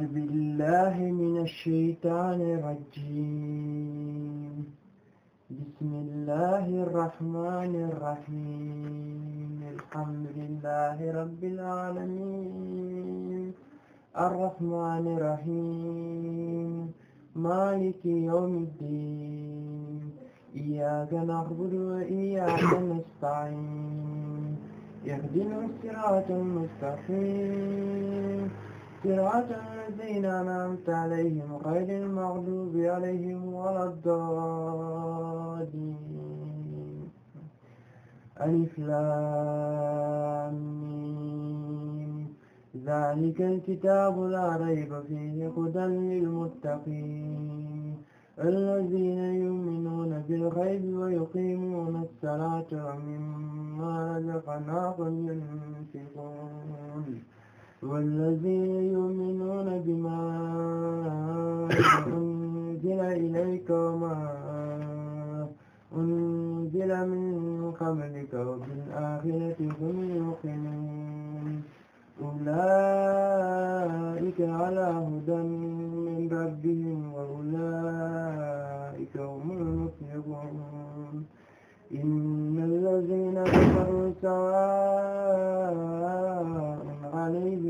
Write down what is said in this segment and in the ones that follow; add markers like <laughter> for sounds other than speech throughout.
أعوذ بالله من الشيطان الرجيم بسم الله الرحمن الرحيم الحمد لله رب العالمين الرحمن الرحيم مالك يوم الدين إياك نعبد وإياك نستعين اهدنا الصراط المستقيم صراط الذين أنعمت عليهم غير المغضوب عليهم ولا الضالين ألف لام ذلك الكتاب لا ريب فيه هدى للمتقين الذين يؤمنون بالغيب ويقيمون الصلاة ومما رزقناهم ينفقون والذين يؤمنون بما أنزل إليك وما أنزل من قبلك وبالآخرة هم يوقنون أولئك على هدى من ربهم وأولئك هم المفلحون إن الذين كفروا سواء عليهم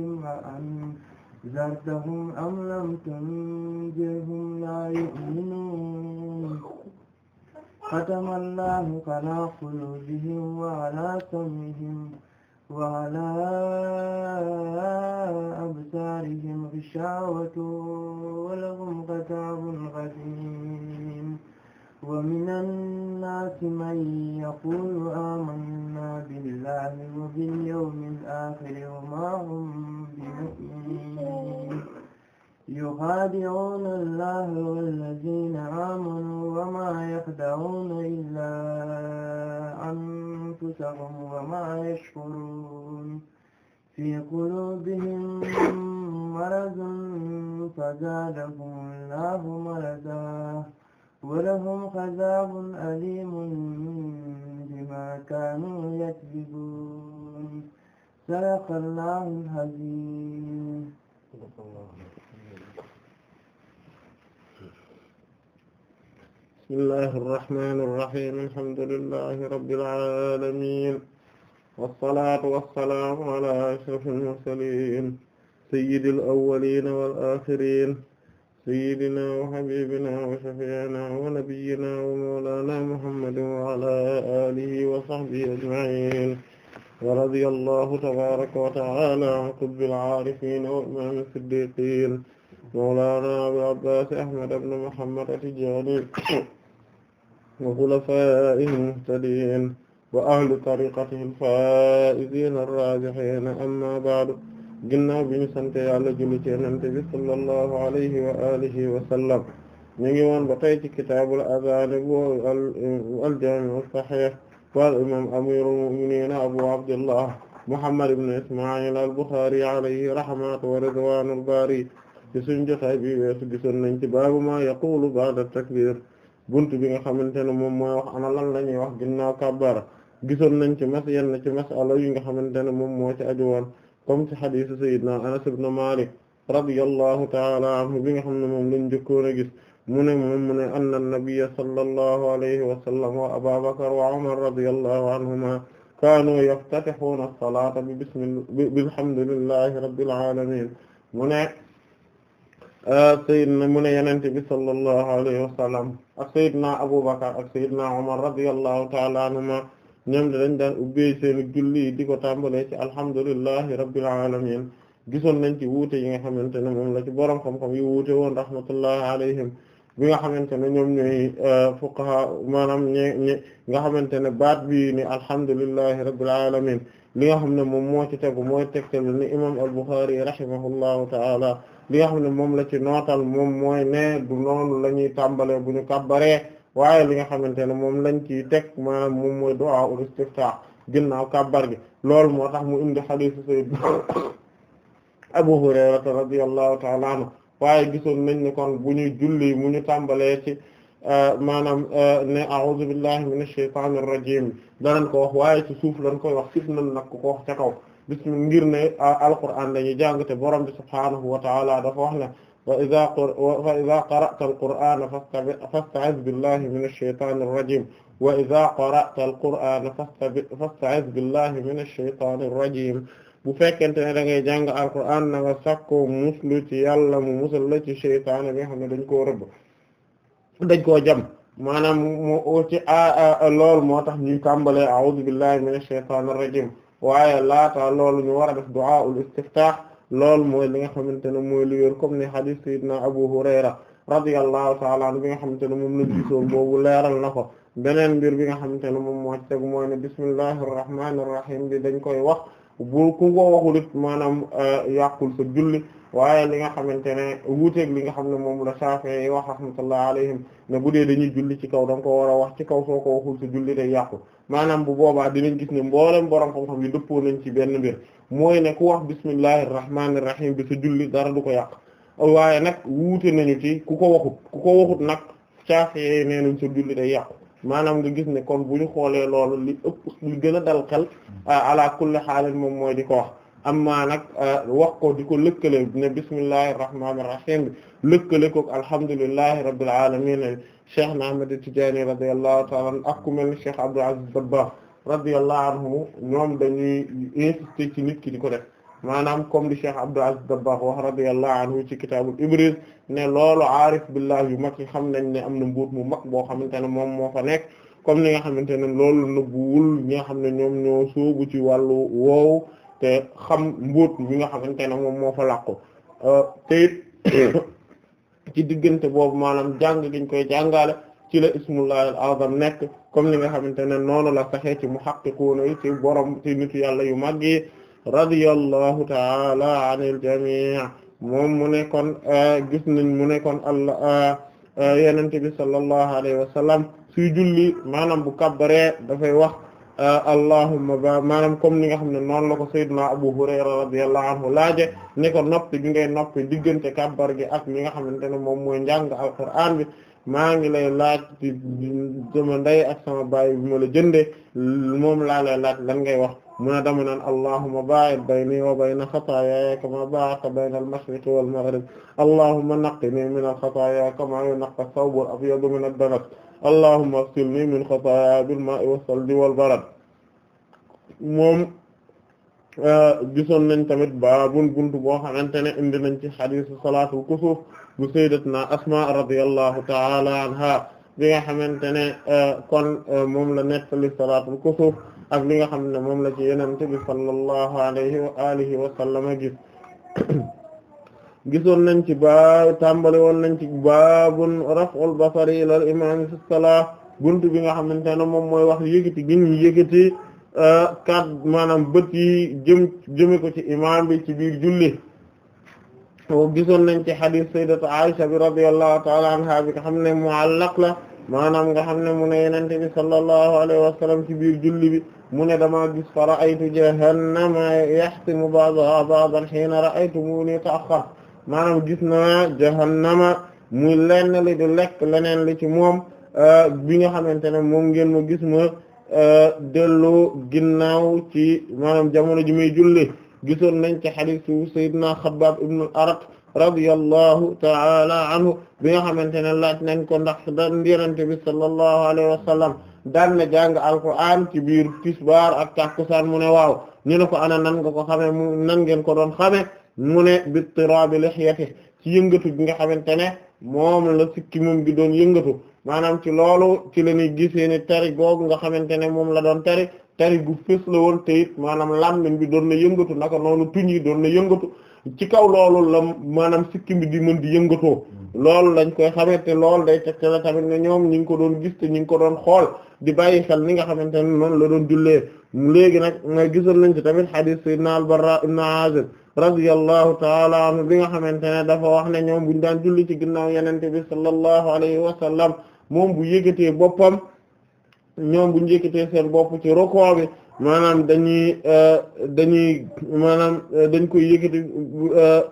ذرتهم أم لم تنذرهم لا يؤمنون ختم الله على قلوبهم وعلى سمعهم وعلى أبصارهم غشاوة ولهم عذاب غليظ ومن الناس من يقول آمنا بالله وباليوم الآخر وما هم بمؤمنين يخادعون الله والذين آمنوا وما يخدعون إلا أنفسهم وما يشعرون في قلوبهم مرض فزادهم الله مرضا ولهم عذاب أليم بما كانوا يكذبون صدق الله العظيم بسم الله الرحمن الرحيم الحمد لله رب العالمين والصلاة والسلام على أشرف المرسلين سيد الأولين والآخرين sayyidina wa habibina wa shafi'ina wa nabiyyina wa mawlana muhammadin wa ala alihi wa sahbihi ajma'in wa radiyallahu tabaraka wa ta'ala an qutbil arifin wa imam as-siddiqin mawlana abi abbas ahmad ibn muhammad at-tijani wa khulafa'ihil muhtadin wa ahli tariqatihi al-fa'izin ar-rabihin amma ba'du ginnaaw bi ñu sante yàlla julli ci yonent bi sallallahu alayhi wa alihi wa sallam ñu ngi woon ba tey ci kitaabul adaan bu al jaami'u sahih wal imam amirul mu'minin abu abdullah muhammad ibn isma'il al bukhari alayhi rahmatu wa ridwanul bari ci suñu jotaay bi weesu gisoon nañ ci baabu ma yaqulu ba'da takbir bunt bi nga xamante ne moom mooy wax ana lan la ñuy wax ginnaaw kabbara gisoon nañ ci mas yenn ci masala yi nga xamante ne moom moo ci aju woon comme ci xadiisu sayyidina Anas ibn Malik radiyallahu ta'ala anhu bi nga xam ne moom lañ njëkkoon a gis mu ne moom mu ne anna nabiyya sallallahu alayhi wa sallam wa Aba Bakr wa Umar radiyallahu anhuma kaanu yaftatihuna as-salaata bi bismi bilhamdulillahi rabbil alamin mu ne ah, sayyidina mu ne yonent bi sallallahu alayhi wa sallam ak sayyidina Abu Bakr ak sayyidina Umar radiyallahu ta'ala anhuma ñoom dañ daan ubbi seen julli di ko tàmbalee ci alhamdulillahi rabbil alamin gisoon nañ ci wuute yi nga xamante ne moom la ci borom xam-xam yi wuute woon rahmatullahi alayhim bi nga xamante ne ñoom ñooy euh, fuqaha maanaam ñe nga xamante ne baat bi ni alhamdulillahi rabbil alamin li nga xam ne moom moo ci tegu mooy teg tegtal ni imam al-Bukhari rahimahullahu ta'ala li nga xam ne moom la ci nootal moom mooy ne du noonu la ñuy tàmbalee bu ñu kàbbaree waaye li nga xamante ne moom lañ ci teg maanaam moom mooy du'a ul istiftah ginnaaw kàbbar gi loolu moo tax mu indi hadith sayyid Abu Hurayra radiyallahu ta'ala anhu waaye gisoon nañ ne kon bu ñuy julli mu ñu tàmbalee ci euh, maanaam euh, ne a'udhu billahi minash shaytanir rajim danañ ko wax waaye ci suuf lañ koy wax fif nan nag ko wax ca kaw bismi ngir ne euh, alquran lañu jàng te borom bi subhaanahu wa ta'ala dafa wax ne wa idha wa idha qara'ta al-qur'ana fasta'iz billahi minash shaytanir rajim wa idha qara'ta al-qur'ana fasta'iz billahi minash shaytanir rajim bu fekkente ne da ngay jàng alqur'aan na nga sakko muslu ci yàlla mu musal la ci shaytaan bi xam ne dañ koo rëbb dañ koo jam maanaam mu ci a lool moo tax ñuy tàmbalee a'udhu billahi minash shaytanir rajim waaye laata loolu ñu war a def du'a ul istiftah lool mooy li nga xamante ne mooy li wér comme ni hadith sayyidina Abu Hurayra radiyallahu ta'ala anhu bi nga xamante ne moom lañ gisoon boobu leeral na ko beneen mbir bi nga xamante ne moom moo ci teg mooy ne bismillahir rahmanir rahim bi dañ koy wax bu ku ko waxul it maanaam euh, yàqul sa julli waaye li nga xamante ne wuuteeg li nga xam ne moom la Shafi'i wax rahmatullah alayhim ne bu dee dañuy julli ci kaw da nga ko war a wax ci kaw soo ko waxul sa julli day yàqu maanaam bu boobaa dinañ gis ne mboolem borom xam-xam yi dëppoo nañ ci benn mbir mooy ne ku wax bismillahir rahmanir rahim bi sa julli dara du ko yàq waaye nag wuute nañu ci ku ko waxut ku ko waxut nag Shafi'i nee nañ sa julli da yàqu maanaam nga gis ne kon bu ñu xoolee loolu li ëpp li gën a dal xel hmm. ah, ala kulli xaalis moom mooy di ko wax amma nag euh, wax ko di ko lëkkale ne bismillahir rahmanir rahim lëkkale ko alhamdulillahi rabbil alamin cheikh na Ahmad Tidiane radiyallahu ta'ala ak ku mel ni cheikh Abdou Aziz Dabba radiyallahu anhu ñoom dañuy insister ci nit ki di ko def maanaam comme li cheikh Abdou Aziz Dabba wax radiyallahu anhu ci kitaabul Ibriz ne loolo aarif billahi yu mag yi xam nañ ne am na mbuut mu mag boo xamante ne moom moo fa nekk comme ni nga xamante ne loolu nëbbuwul ñi nga xam ne ñoom ñoo sóobu ci wàllu woowu te xam mbóot mi nga xamante ne moom moo fa làqu euh, te <coughs> ci diggante boobu maanaam jàng giñ koy jàngale ci la ismullahi al nekk comme li nga xamante ne noonu la saxee ci muhaqqiquuna yi ci borom ci nitu yàlla yu màgg yi radiyallahu taala anil jamii moom mu nekkoon euh, gis nañ mu nekkoon allah euh, yenente bi sallallahu alayhi wa sallam suy julli maanaam bu kabbare dafay wax Euh, allahumma ba maanaam comme ni nga xam ne noonu la ko sayyidina Abu Hurayra radiyallahu anhu laaje ne ko noppi gi ngay noppi diggante kabbar gi ak li nga xam ne moom mooy njàng alquran bi maa ngi lay laaj sama ndey ak sama baay bi ma la jëndee moom laa lay laaj lan ngay wax mu ne dama naan allahumma ba'id bayni wa bayna xataaya kama ba'adta bayna al-mashriq wa maghrib allahumma naqqini min al-xataaya kama yunaqqa ath-thawbu al-abyadu min ad-danas allahumma aghsilni min khataaya bil maa'i was salji wal barad moom euh, gisoon nañ tamit baabun buntu boo xamante ne indi nañ ci xadiisu salaatul kusuuf bu sayyidatina asmaa radiyallahu ta'ala anha li nga xamante ne euh, kon euh, moom la nettali salaatul kusuuf ak li nga xam ne moom la ci yenente bi sallallahu alayhi wa alihi wa sallama gis <coughs> gisoon nañ ci baa tàmbali woon nañ ci baabun raf'ul basari ilal imaam fi salaa bunt bi nga xamante ne moom mooy wax yëkkati gi ñu yëkkati euh, kat maanaam bët yi jëm jëme ko ci imaam bi ci biir julli o gisoon nañ ci xadiis sayyidatu Aisha bi radiyallahu ta'ala anha bi nga xam ne mu'allaq la maanaam nga xam ne mu ne yenente bi sallallahu alayhi wa ci biir julli bi mu ne damaa gis fa ra'aytu jahannama yahtimu ba'daha ba'dan hiina ra'aytumuni ta'akhkhar maanaam gis naa jahannama muy lenn li di lekk leneen li ci moom euh, bi nga xamante ne moom ngeen ma gis ma euh, delloo ginnaaw ci maanaam jamono ji muy julli gisoon nañ ci hadiisu Seydina Xabbaab ibn al-Arat radiyallahu ta'ala anhu bi nga xamante ne laaj nañ ko ndax dan Yonent bi sallallahu alayhi wa sallam daan na jàng alquran ci biir tisbaar ak takkusaan mu ne waaw ñu ne ko ana nan nga ko xame mu nan ngeen ko doon xame mu ne bi tirabi lixiyati ci yëngatu bi nga xamante ne moom la sikki moom gi doon yëngatu maanaam ci loolu ci la ñuy gisee ni tari googu nga xamante ne moom la doon tari tari gu fës la woon te it maanaam làmmiñ bi doon na yëngatu naka noonu tuñ yi doon na yëngatu ci kaw loolu la maanaam sikki bi di mën di yëngatoo loolu lañ koy xamante loolu day tegte la tamit ne ñoom ñi ngi ko doon gis te ñi ngi ko doon xool di bàyyi xel ni nga xamante ne noonu la doon jullee léegi nag nga gisoon nañ ci tamit hadith sayyidina al-Barra radiyallahu taala anhu bi nga xamante ne dafa wax ne ñoom buñu daan julli ci ginnaaw yenente bi sallallahu alayhi wa sallam moom bu yëkkatee boppam ñoom buñu yëkkatee seen bopp ci rokoo bi maanaam dañuy euh, dañuy maanaam euh, dañ koy yëkkati euh,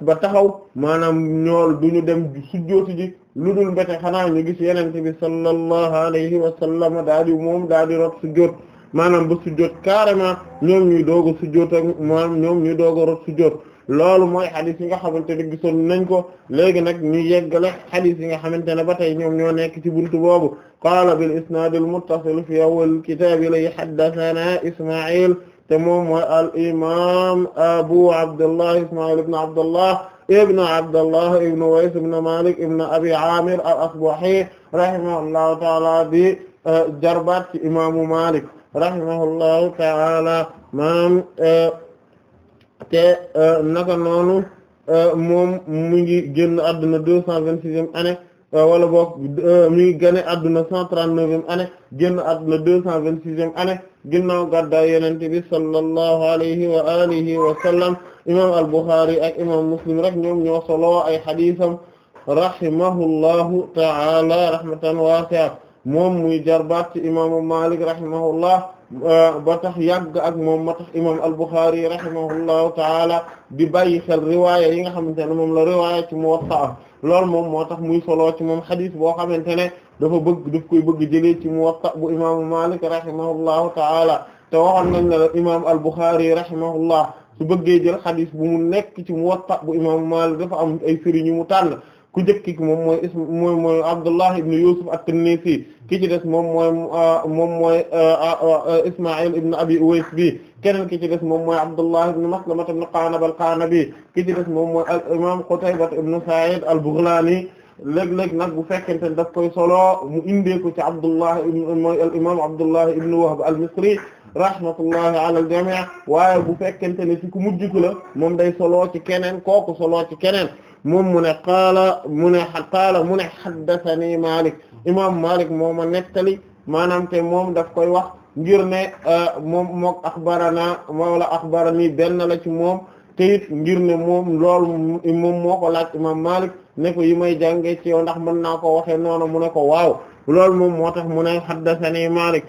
ba taxaw maanaam ñool duñu dem sujjóoti ji lu dul mbete xanaa ñu gis yenente bi sallallahu alayhi wa sallam daal di moom daal di rot sujjóot maanaam ba sujjóot carrément ñoom ñuy doog a sujjóot ñoom ñuy doog a rot loolu mooy xadis yi nga xamante ne gisoon nañ ko léegi nag ñu yeggale xadis yi nga xamante ne ba tey ñoom ñoo nekk ci buntu boobu qaala bil isnaadil muttasil fi awwal kitaab lay haddathana Isma'il te moom mooy al imaam Abu Abdullah Isma'il ibn Abdullah ibn Abdullah ibn Uways ibn Malik ibn Abi Amir al-Asbahi rahimahullahu ta'ala bi eh, jarbaat ci imaamu Malik rahimahullahu ta'ala maanaam eh, te eh, naka noonu eh, moom mu ngi génn adduna deux cent vingt-sixième année wala boog mi ngi génn adduna cent trente-neuvième année génn adduna deux cent vingt-sixième année ginnaaw gàddaay yonent bi sallallahu alayhi wa alihi wa sallam imam al-Bukhari ak imam Muslim rek ñoom ñoo solo ay xadiisam rahimahullahu ta'ala rahmatan wasi'a moom muy jarbaat ci imaamu Malik rahimahullah euh, ba tax yàgg ak moom ma tax imaam al-Bukhari rahimahullahu taala di bàyyi xel riwaaya yi nga xamante ne moom la riwaaya ci am loolu moom moo tax muy solo ci moom xadis boo xamante ne dafa bëgg daf koy bëgg jëlee ci mu Muwatta bu imaamu Malik rahimahullahu taala te waxoon nañ la imaam al-Bukhari rahimahullah su bëggee jël xadis bu mu nekk ci Muwatta bu imaamu Malik dafa am ay sëriñ mu tànn ku njëkk ki moom mooy ism mooy mooy Abdullah ibn Yusuf at-Tinnisi ki ci des moom mooy moom mooy Isma'il ibn Abi Uways bi keneen ki ci des moom mooy Abdullah ibn Maslama ibn Qanab al-Qanabi ki ci des moom mooy al-imam Qutayba ibn Sa'id al-Baghlani léeg-léeg nag bu fekkente ne daf koy solo mu indeeku ci Abdullah mooy al imam Abdullah ibn Wahb al-Misri rahmatullahi ala al-jami' waaye bu fekkente ne ci ku mujj la moom day solo ci keneen kooku solo ci keneen moom mu ne qaala mu ne qaala mu ne haddathani Malik moom Malik moo ma nettali maanaam moom daf koy wax ngir ne euh, moom mook axbarana wala axbarani benn la ci moom te it ngir ne moom lool moom moo ko laaj imam Malik ne ko yi may jàngee ci yow ndax mën naa ko waxee noonu mu ne ko waaw lool moom moo tax mu ne haddathani Malik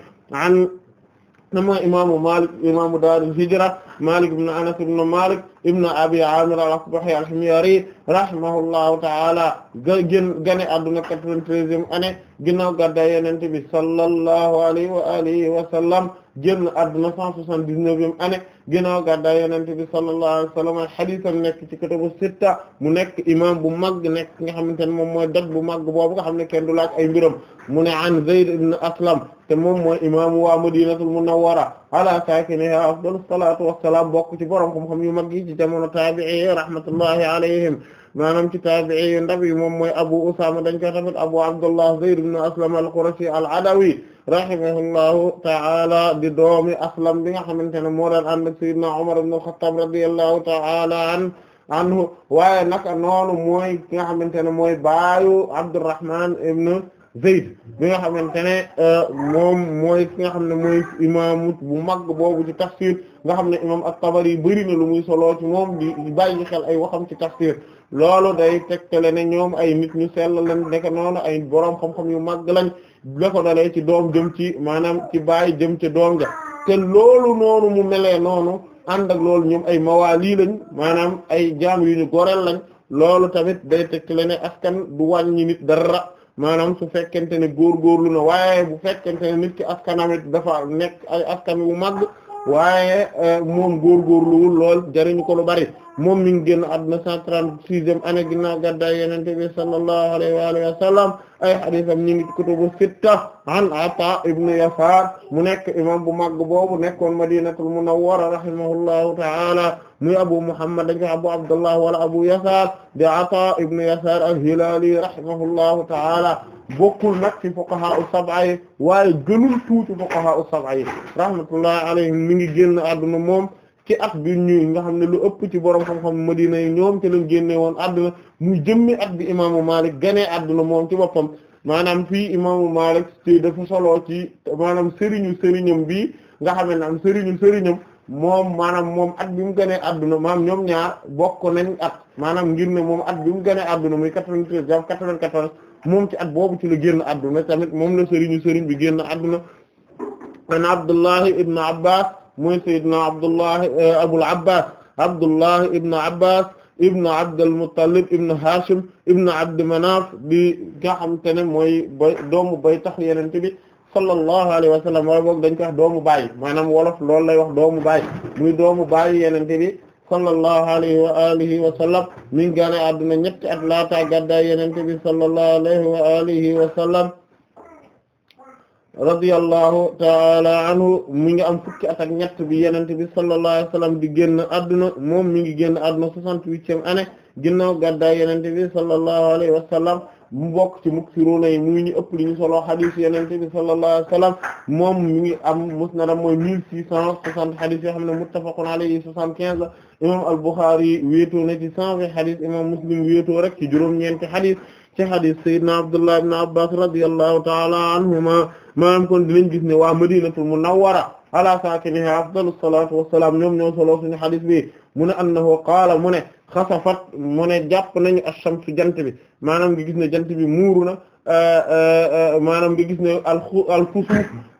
mooy imaamu Malik imaamu daaru hijra Malik ibn Anas ibn Malik ibn Abi Amir al-Asbahi al-Himyari rahimahullahu ta'ala gën gane adduna 93e année ginnaaw gàddaay Yonent bi sallallahu alayhi wa alihi wa sallam génn adduna 179e année ginnaaw gàddaay yonent bi sallallahu alayhi wa sallam nekk ci kutubu sitta mu nekk imam bu mag nekk nga xamante ne moom mooy doj bu mag boobu nga xam ne kenn du laaj ay mbiram mu ne an Zayd ibn Aslam te moom mooy imaamu waa Madinatul Munawwara ala saakiniha afdalu salaatu wassalaam bokk ci borom xam-xam yu mag yi ci jamono taabi'i rahmatullahi alayhim maanaam ci taabi'i yu ndab yi moom mooy abu usaama dañ koy tamit abu abdullah zayd ibn aslam al-qurashi al-adawi rahimahullahu ta'ala di doomi aslam bi nga xamante ne moo daan ànd ak sayyidina umar ibn al-khattab radiyallahu ta'ala an anhu waaye naka noonu mooy ki nga xamante ne mooy baayu abdurrahman ibn zayd bi nga xamante ne euh, moom mooy ki nga xam ne mooy imaamu bu mag boobu ci tafsir nga xam ne imam at-tabari bëri na lu muy solo ci moom di bàyyi xel ay waxam ci tafsir loolu day tegtale ne ñoom ay nit ñu sell lañ nekk noonu ay boroom xam-xam yu màgg lañ la ko dalee ci doom jëm ci maanaam ci baay jëm ci doom ja te loolu noonu mu mele noonu ànd ak loolu ñoom ay mawaali lañ maanaam ay jaam yu ñu goreel lañ loolu tamit day tegtale ne askan du wàññi nit dara maanaam su fekkente ne góorgóorlu na waaye bu fekkente ne nit ki askanamit dafa nekk ay askan wu màgg waaye euh, moom góorgóorluwul lool jariñu ko lu bari moom mi ngi génn àdduna 136e année ginnaaw gàddaay Yonent bi sallallahu alayhi wa alihi wa sallam ay hadiisam ñi ngi ci kutubu sitta an Ataa ibn Yasaar mu nekk imam bu mag boobu nekkoon Madinatul Munawwara rahimahullahu ta'ala muy Abu Muhammad dañu ko Abu Abdullah wala Abu Yasaar de Ataa ibn Yasaar al-Hilaali rahimahullahu ta'ala bokkul nag ci fuqaha as-sab'a yi waaye gënul tuuti fuqaha as-sab'a yi rahmatullahi alayhim mi ngi génn àdduna moom ci at bi ñuy nga xam ne lu ëpp ci borom xam-xam Madina yi ñoom ci lañ génne woon àdduna mu jëmmi at bi imaamu Malik ganee àdduna moom ci boppam maanaam fii imaamu Malik ci dafa solo ci maanaam sëriñu sëriñam bi nga xam ne am sëriñu sëriñam moom maanaam moom at bi mu gënee adduna maam ñoom ñaar bokk nañ at maanaam ngir ne moom at bi mu a adduna muy moom ci at boobu ci la génn adduna tamit moom la sëriñu sëriñ bi génn adduna an abdullahi ibn abbas mooy sayyidna abdullahi eh, abul abbas abdullahi ibn abbas ibn abdul muttalib ibn hashim ibn abd manaf bi nga xamante ne mooy bay doomu bay tax yenente bi sallallahu alayhi wa sallam wala boog dañ ko doomu baay maanaam wolof loolu lay wax doomu baay muy doomu baay sallallahu alayhi wa alihi wa sallam mi ngi gane adduna ñetti at laata gaddaay yonent bi sallallahu alayhi wa alihi wa sallam radiyallahu ta'ala anhu mi ngi am fukki at ak ñett bi yonent bi sallallahu alayhi wa sallam di génn adduna moom mi ngi génn adduna soixante-huitième année ginnaaw gaddaay yonent bi sallallahu alayhi wa sallam mu bokk ci muksiruna yi muy ñu ëpp li ñu solo xadis yonent bi sallallahu alayhi wa sallam moom mi ngi am musnadam mooy mille six cent soixante xadis yoo xam ne muttafaqun alayhi soixante-quinze imam al-Bukhari wéetoo na ci cent vingt xadis imam Muslim wéetoo rek ci juróom-ñeenti xadis ci xadis sayyidina Abdullah ibn Abbas radiyallahu ta'ala anhuma maanaam kon dinañ gis ne waa Madinatul Munawwara ala saakinihaa afdalu salaatu wa salaam ñoom ñoo solo suñu xadis bi mu ne annahu qaala mu ne xasafat mu ne jàpp nañu ash-shamsu jant bi maanaam nga gis ne jant bi muuru na euh, euh, euh, maanaam nga gis ne al al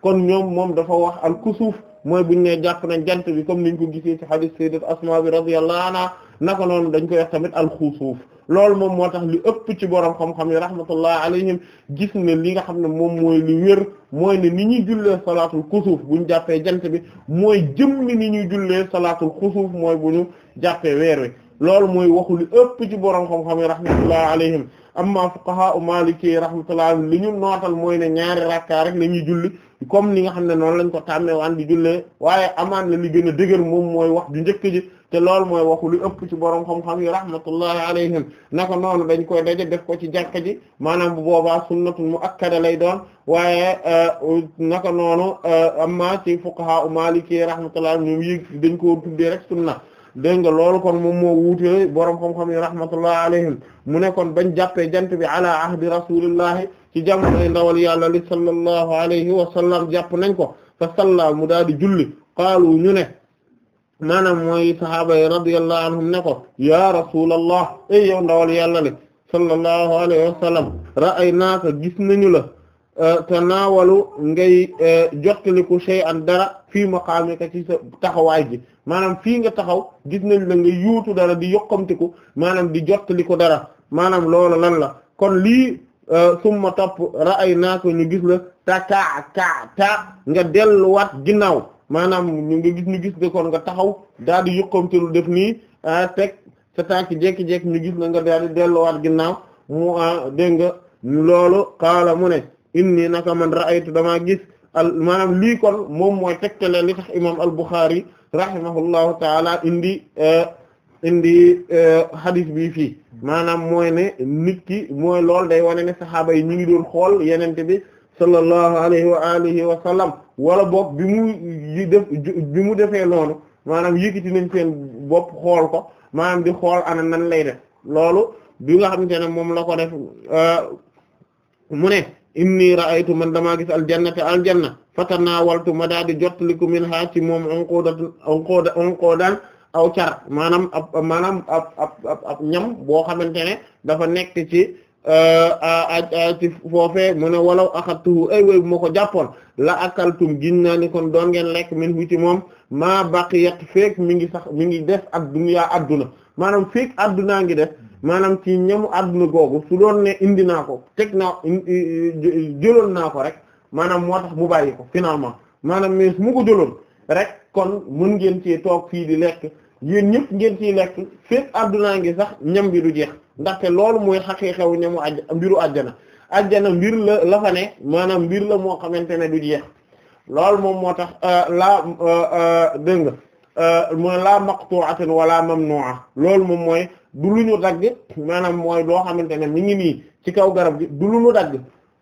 kon ñoom moom dafa wax al kusuuf mooy buñ ne jàpp nañ jant bi comme niñ ko gisee ci hadith sayyidat Asma bi radiyallahu anha naka noonu dañ koy wax tamit alxusuuf lool moom moo tax lu ëpp ci borom xam-xam yi rahmatullah alayhim gis ne li nga xam ne moom mooy li wér mooy ne ni ñuy jullee salaatul kusuuf bu ñu jàppee jànt bi mooy jëmmi ni ñuy jullee salaatul kusuuf mooy bu ñu jàppee weer wi loolu mooy waxu li ëpp ci borom xam-xam yi rahmatullah alayhim amma fuqaha u maliki rahmatullah li ñu nootal mooy ne ñaari rakka rek la ñuy julli comme ni nga xam ne noonu lañ ko tàmmee waan di jullee waaye amaan la li gën a dëgër moom mooy wax ju njëkk ji te loolu mooy waxu lu ëpp ci borom xam-xam yi rahmatullahi alayhim naka noonu dañ koy daje def ko ci jàkka ji maanaam bu boobaa sunnatun muakkada lay doon waaye euh, naka noonu euh, amma ci fuqaha u maliki rahmatullah ñoom yi dañ ko tuddee rek sunna dégg nga loolu kon moom moo wuute borom xam-xam yi alayhim mu ne kon bañ jàppee jant bi ala ahdi rasulillahi ci jamonoy ndawal yàlla li sallallahu alayhi wa sallam jàpp nañ ko fa salla mu daal di julli qaalu ñu ne maanaam mooy sahaaba yi radiyallahu anhum ne ko ya rasulallah ay ndawal yàlla li sallallahu alayhi wa sallam ra'aynaaka gis nañu la tanaawalu ngay eh, jottaliku shay'an dara fii maqaamika ci sa taxawaay ji maanaam fii nga taxaw gis nañ la nga yuutu dara di yokkamtiku maanaam di jottali ko dara maanaam loolu lan la kon lii euh, summa topp ra'aynaa ko ñu gis la ta taa taa taa nga delluwaat ginnaaw maanaam ñu nga gis ñu gis de kon nga taxaw daal di yokkamtilu def nii ah, teg sa tànk jekki-jekki ñu gis la nga daal di delluwaat ginnaaw mu ah, dégg nga loolu xaala mu ne inni naka man ra'aytu damaa gis al maanaam lii kon moom mooy tegtale li tax imam al Bukhari rahimahullahu taala indi eh, indi eh, hadith bi fii maanaam mooy ne nit ki mooy lool day wane ne saxaaba yi ñu ngi doon xool yenente bi sallallahu alayhi wa alihi wa sallam wala boog bi mu def bi mu defee noonu maanaam yëkkati nañ seen bopp xool ko maanaam di xool ana nan lay def loolu bi nga xamante ne moom la ko def eh, mu ne inni ra'aytu man dama gis aljannata aljanna fatanaawaltu ma daa di jottaliku minha ci moom onqoodatun onqooda onqoodan aw car maanaam ab maanaam ab ab ñam boo xamante ne dafa nekk ci euh, ci foofee mu ne walaw axattuhu ay way bu ma ko jàppoon la akaltum gin naa ni kon doon ngeen lekk min hu ci moom maa baqiyat feek mi ngi sax mi ngi def ak dunya adduna maanaam feek addunaa ngi maanaam ci ñamu àdduna googu su doon ne indi naa ko teg naa jëloon naa ko rek maanaam moo tax mu bàyyi ko finalement maanaam mais su mu ko jëloon rek kon mën ngeen ci toog fii di lekk yéen ñëpp ngeen ci lekk fépp àdduna ngi sax ñam bi du jeex ndaxte loolu mooy xaqi xew ñamu aj mbiru àjjana àjjana mbir la la fa maanaam mbir la moo xamante ne du jeex loolu moom moo tax euh, laa euh, euh, dégg nga mooy laa maqtu'atin wala mamnu'a loolu moom mooy du ñu dagg maanaam mooy loo xamante ne mi ngi nii ci kaw garab gi du lu dagg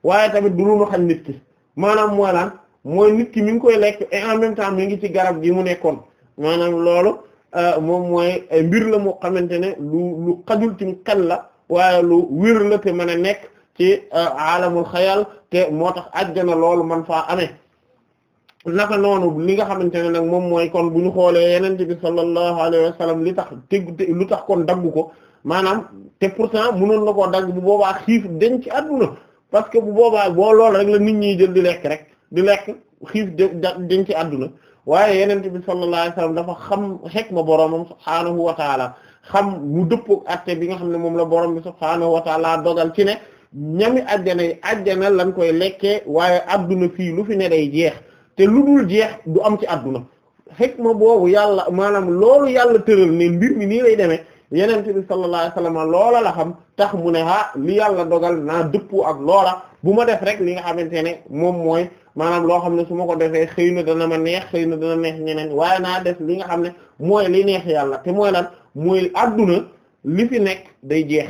waaye tamit du lu ñu nit ki maanaam mooy lan mooy nit ki mi ngi koy lekk et en même temps mi ngi ci garab gi mu nekkoon maanaam loolu euh, moom mooy mbir la moo xamante ne lu lu xajul ci la waaye lu wér la te mën a nekk ci euh, alamul xayal te moo tax àjjana loolu man faa amee naka noonu li nga xamante ne nag moom mooy kon bu ñu xoolee yeneen bi sallallahu alayhi wa sallam li tax tegu lu tax kon dagg ko maanaam te pourtant mënoon na koo dagg bu boobaa xiif denc ci àdduna parce que bu boobaa boo lool rek la nit ñi jël di lekk rek di lekk xiif denc ci àdduna waaye yeneen bi sallallahu alayhi wa sallam dafa xam hikma boromam subhaanahu wa taala xam mu dëpp ak atte bi nga xam ne moom la borom bi subhaanahu wa taala dogal ci ne ñami àjjana yi àjjana lañ koy lekkee waaye àdduna fii lu fi ne day jeex. te lu dul jeex du am ci àdduna ma boobu yàlla maanaam loolu yàlla tëral ne mbir mi nii lay demee yeneen bi sallallahu alayhi wasallam loola la xam tax mu ne ah li yàlla dogal naa dëppoo ak loola bu ma def rek li nga xamante ne moom mooy maanaam loo xam ne su ma ko defee xëy na dana ma neex xëy na dana neex ñeneen waaye naa def li nga xam ne mooy li neex yàlla te mooy lan mooy adduna li fi nekk day jeex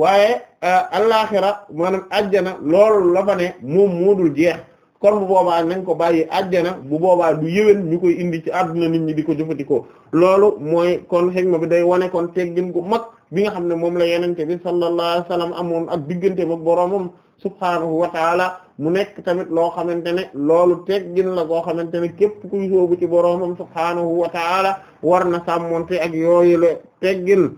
waaye euh, alaxira maanaam ajjana loolu la fa moom jeex kon bu boobaa nañ ko bàyyi àjjana bu boobaa du yéwén ñu koy indi ci àdduna nit ñi di ko jëfandikoo loolu mooy kon xikma bi day wane kon teggin gu mag bi nga xam ne moom la yenente bi sallallahu alayhi wasallam amoon ak diggante mag boroomam subhaanahu wa taala mu nekk tamit loo xamante ne loolu teggin la goo xamante ne képp kuy soobu ci boroomam subhaanahu wa taala war na sàmmonte ak yooyu la teggin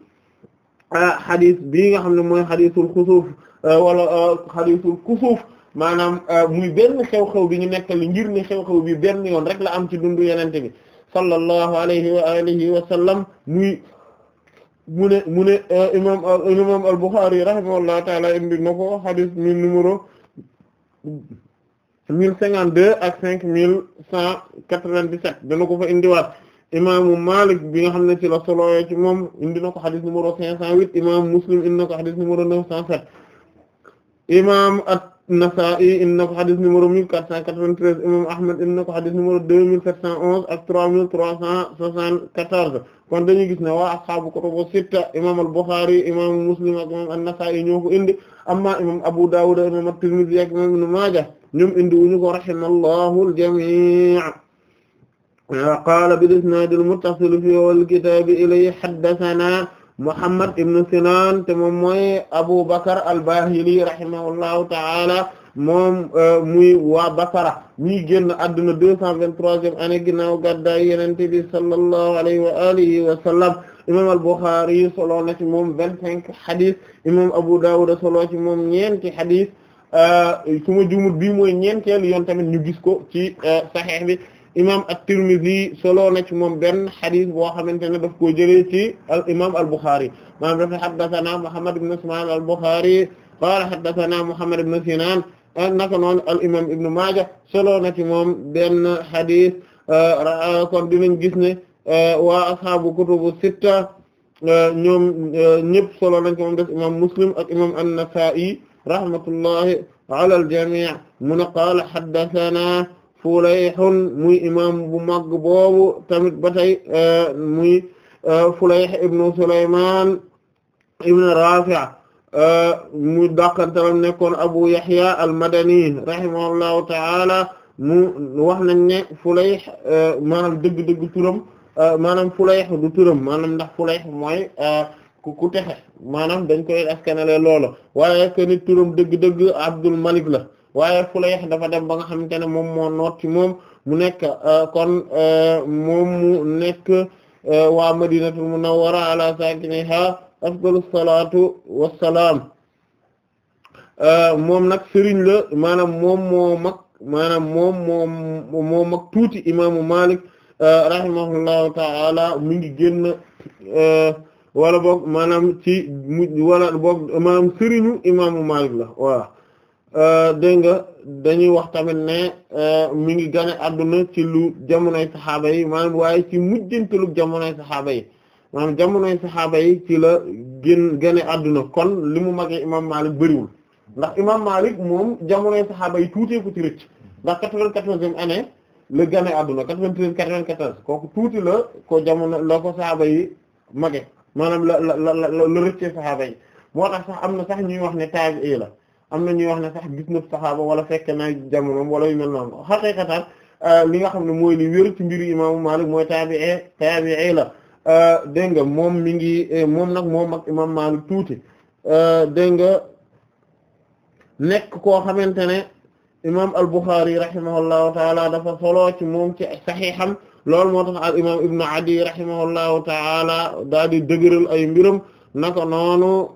ah, xadis bii nga xam ne mooy xadisul xusuuf wala ah, xadisul kusuuf maanaam euh, muy benn xew-xew bi ñu nettali ngir ne xew-xew bi benn yoon rek la am ci dundu yenente bi sallallahu alayhi wa alihi wa sallam muy mu ne mu ne euh, imam euh, imam al-Bukhari rahimahullahu taala indi na ko hadis mi numéro cinquante deux ak cinq mille cent quatre-vingt-dix-sept dana ko fa indiwaat imaamu Malik bi nga xam ne ci la solowee ci moom indi na ko xadis numéro cinq cent huit imam Muslim indi na ko xadis numéro cent sept imam Nasaa'i indi na ko xadis numéro 1493 imam Ahmad indi na ko xadis numéro 2711 ak 3374 kon dañu gis ne waa ashaabu kutubu sitta imam al-Bukhari imam Muslim ak imam an-Nasaa'i ñoo ko indi amma imam Abu Dawud imam at-Tirmidhi ak imam Ibn Maaja ñoom indi wuñu ko rahimallahu al-jamii' qaala bil isnaad al-muttasil fi al-kitaab ilayhi haddathanaa Muhammad ibn Sinan te moom mooy Abu Bakr al-Bahili rahimahullahu ta'ala moom euh, muy waa Basra ñii génn adduna deux cent vingt-troisième année ginnaaw gàddaay Yonent bi sallallahu alayhi wa alihi wa sallam imam al-Bukhari solo na ci moom vingt-cinq hadith imam Abu Dawud solo ci moom ñeenti hadith euh, su ma bi bii mooy ñeenteelu yoon tamit ñu gis ko ci euh, Sahih bi imam at-Tirmidhi solo na ci moom benn xadis boo xamante ne daf koo jëlee ci al imam al Bukhari maanaam dafa haddathana Muhammad ibn Isma'il al Bukhari qala haddathana Muhammad ibn Sinan naka noonu al imam Ibn Majah solo na ci moom benn xadis euh, kon dinañ gis ne euh, waa ashaabu kutubu sitta euh, ñoom ñëpp solo nañ ko moom def imam Muslim ak imam an-Nasa'i rahmatullahi ala al jami' mun qala haddathana fulayhun muy imam bu mag boobu tamit ba tey eh, muy eh, fulayh ibnu sulayman ibnu rafi' eh, mu dàqantalam nekkoon abu yahya al-madani rahimahullahu ta'ala mu wax nañ ne fulayh maanaam dëgg-dëgg turam maanaam fulayh du turam maanaam ndax fulayh mooy ku texe maanaam dañ koy askanale loolu waaye que ni turam dëgg-dëgg abdul malik la waaye Fulayh dafa dem ba nga xamante ne moom moo noot ci moom mu nekk euh, kon euh, moom mu nekk euh, waa Madinatul Munawwara ala sakiniha afdalu salaatu wassalaam moom nag sëriñ la maanaam moom moo mag maanaam moom moo moo mag tuuti imaamu Malik rahimahullahu ta'ala mi ngi génn wala boog maanaam ci mu wala boog maanaam sëriñu imaamu Malik la waaw Euh, dégg nga dañuy wax tamit ne euh, mi ngi gane adduna ci lu jamonoy saxaaba yi maanaam waaye ci mujjantalu jamonoy saxaaba yi maanaam jamonoy saxaaba yi ci la gën gane adduna kon li mu magee imam Malik bëriwul ndax imam Malik moom jamonoy saxaaba yi tuutee ko ci rëcc ndax quatre-vingt-quatorzième année la gane adduna quatre-vingt-treize quatre-vingt-quatorze kooku tuuti la ko jamono la ko saxaaba yi mage maanaam la la la la rëccee saxaaba yi moo tax sax am na sax ñuy wax ne tabi'i la am na ñuy wax na sax gis na saxaaba wala fekk na jamonoom wala yu mel noonu xaqiiqatan euh, li nga xam ne mooy li wér ci mbiru imaamu Maalik mooy taabi'i taabi'i la euh, dégg nga moom mi ngi euh, moom nag moom ak imaam Maalik tuuti dégg nga nekk koo xamante ne imaam al-Bukhari rahimahullahu taala dafa solo ci moom ci saxiixam loolu moo tax al imaam Ibn Adi rahimahullahu taala daal di dëgëral ay mbiram naka noonu.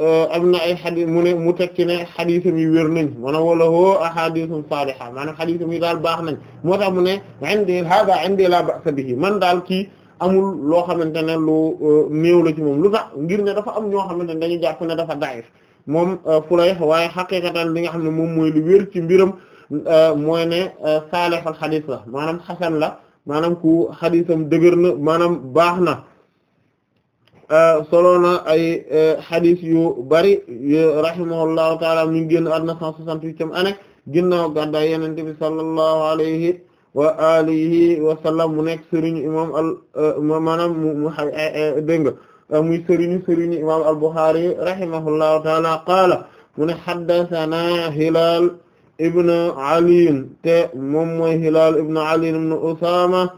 Euh, am na ay xadis mu ne mu tekki ne xadisam yi wér nañ maanaam wala woo ahadisum saaliha maanaam xadisam yi daal baax nañ moo tax mu ne indi hada indi la ba'sa bihi man daal kii amul loo xamante ne lu euh, néew la ci moom lu tax ngir ne dafa am ñoo xamante ne dañu jàpp ne dafa daif moom euh, fulay waaye xaqiqatan li nga xam ne moom mooy lu wér ci mbiram mooy ne saalihal xadis la maanaam xasan la maanaam ku xadisam dëgër na maanaam baax na Euh, solo na ay xadis euh, yu bari rahimahullahu taala mi ngi génn àdduna 168e année ginnaaw gàddaay Yonent bi sallallahu alayhi wa alihi wa sallam mu nekk sëriñu imam al euh, maanaam mu dégg nga muy sëriñu sëriñu imam al-Bukhari rahimahullahu taala qaala mu ne haddathana Hilal ibn Ali te moom mooy Hilal ibn Ali ibn Usama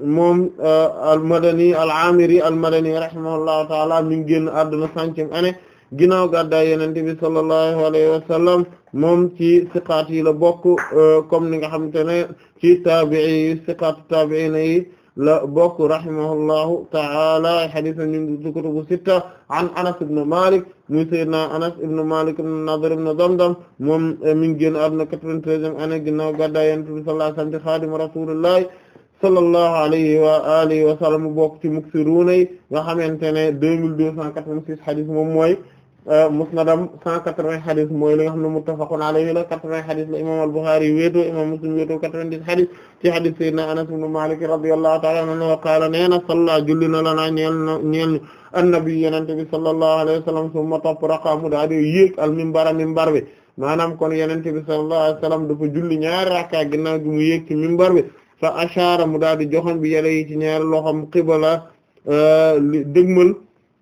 moom euh, al-Madani al-Amiri al-Madani rahimahullahu ta'ala mi ngi génn àdduna centième année ginnaaw gàddaay Yonent bi sallallahu alayhi wa sallam moom ci siqaat yi la bokk euh, comme ni nga xamante ne ci taabi'i yi siqaat taabi'iin yi la bokk rahimahullahu ta'ala hadith ñu ngi kutubu sitta an Anas ibn Malik muy sayyidina Anas ibn Malik ibn Nadr ibn Damdam moom euh, mi ngi génn àdduna quatre-vingt-treizième année ginnaaw gàddaay Yonent bi sallallahu alayhi wa sallam xaadimu Rasulillah sallallahu alayhi wa alihi ne deux mille deux cent quatre-vingt-six xadis moom mooy euh, musnadam cent quatre-vingts xadis mooy li nga xam ne muttafaqun alayhi la Malik radiyallahu ta'ala anhu annabi yenente bi sallallahu alayhi wa summa topp raqaamu daa di yéeg al minbar minbar bi maanaam kon yenente bi sallallahu alayhi wa sallam julli ñaari rakka ginnaaw gi mu ci minbar bi fa ashaara mu daal di joxoon bi yàlla yi ci ñaari loxoom qibla euh, dëgmal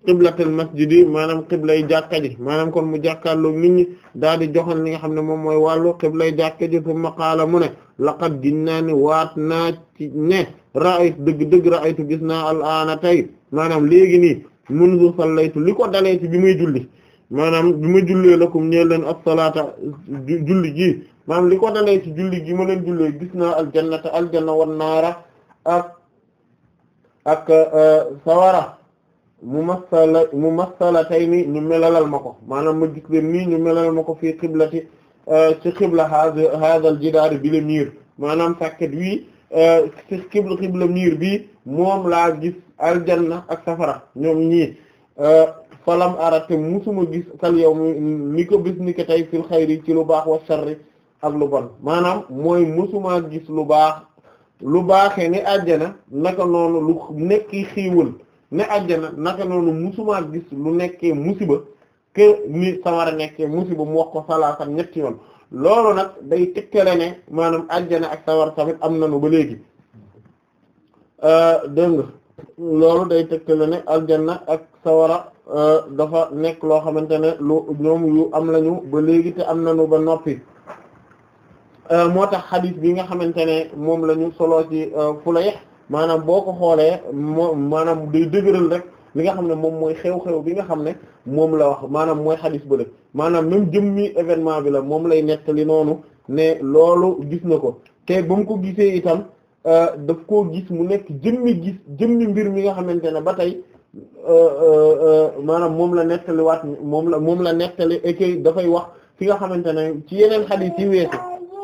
qiblatul masjidi maanaam qiblay jàkka ji maanaam kon mu jàkkaarloog nit ñi daal di joxoon li nga xam ne moom mooy wàllu qiblay jàkka ji summa qaala mu ne laqad gin naa ni waat naa ci ne ra'aytu dëgg dëgg ra'aytu gis naa al'aana tey maanaam léegi nii munzu sallaytu li ko dalee ci bi muy julli maanaam bi ma jullee la ñeel leen as-salaata julli ji maanaam li ko dalee ci julli gi ma leen jullee gis naa aljannata aljanna wan naara ak ak euh, sawara mu masala mu masala tey ni ñu melalal ma ko maanaam ma gis leen nii ñu melalal ma ko fii euh, ci xibla haadal jidaari bi miir maanaam sàkket wii euh, ci xibla miir bi moom laa gis aljanna ak safara ñoom ñii falam arate musuma gis kal yow mi ni ko tey fil xayri ci lu baax wa sharri ak lu bon maanaam mooy mësuma gis lu baax lu baaxee ni àjjana naka noonu lu nekkee xiiwal ne àjjana naka noonu musumaa gis lu nekkee musiba ke ni sawara nekkee musiba mu wax ko salaasan ñetti yoon loolu nag day tëkkale ne maanaam àjjana ak sawara tamit am nañu ba léegi euh, dégg nga loolu day tëkkale ne àjjana ak sawara euh, dafa nekk loo xamante ne lu ñoom yu am lañu ba léegi te am nañu ba noppi Euh, moo tax xadis bi nga xamante ne moom la ñu solo ci euh, Fulayh maanaam boo ko xoolee moom maanaam day dëgëral rek li nga xam ne moom mooy xew-xew bi nga xam ne moom la wax maanaam mooy xadis ba maanaam même jëmmi événement bi la moom lay nettali noonu ne loolu gis na ko te ba mu ko gisee itam euh, daf koo gis mu nekk jëmmi gis jëmmi mbir mi nga xamante ne ba tey maanaam moom la nettali waat moom la moom la nettali et dafay wax fi nga xamante ne ci yeneen xadis yi weesu.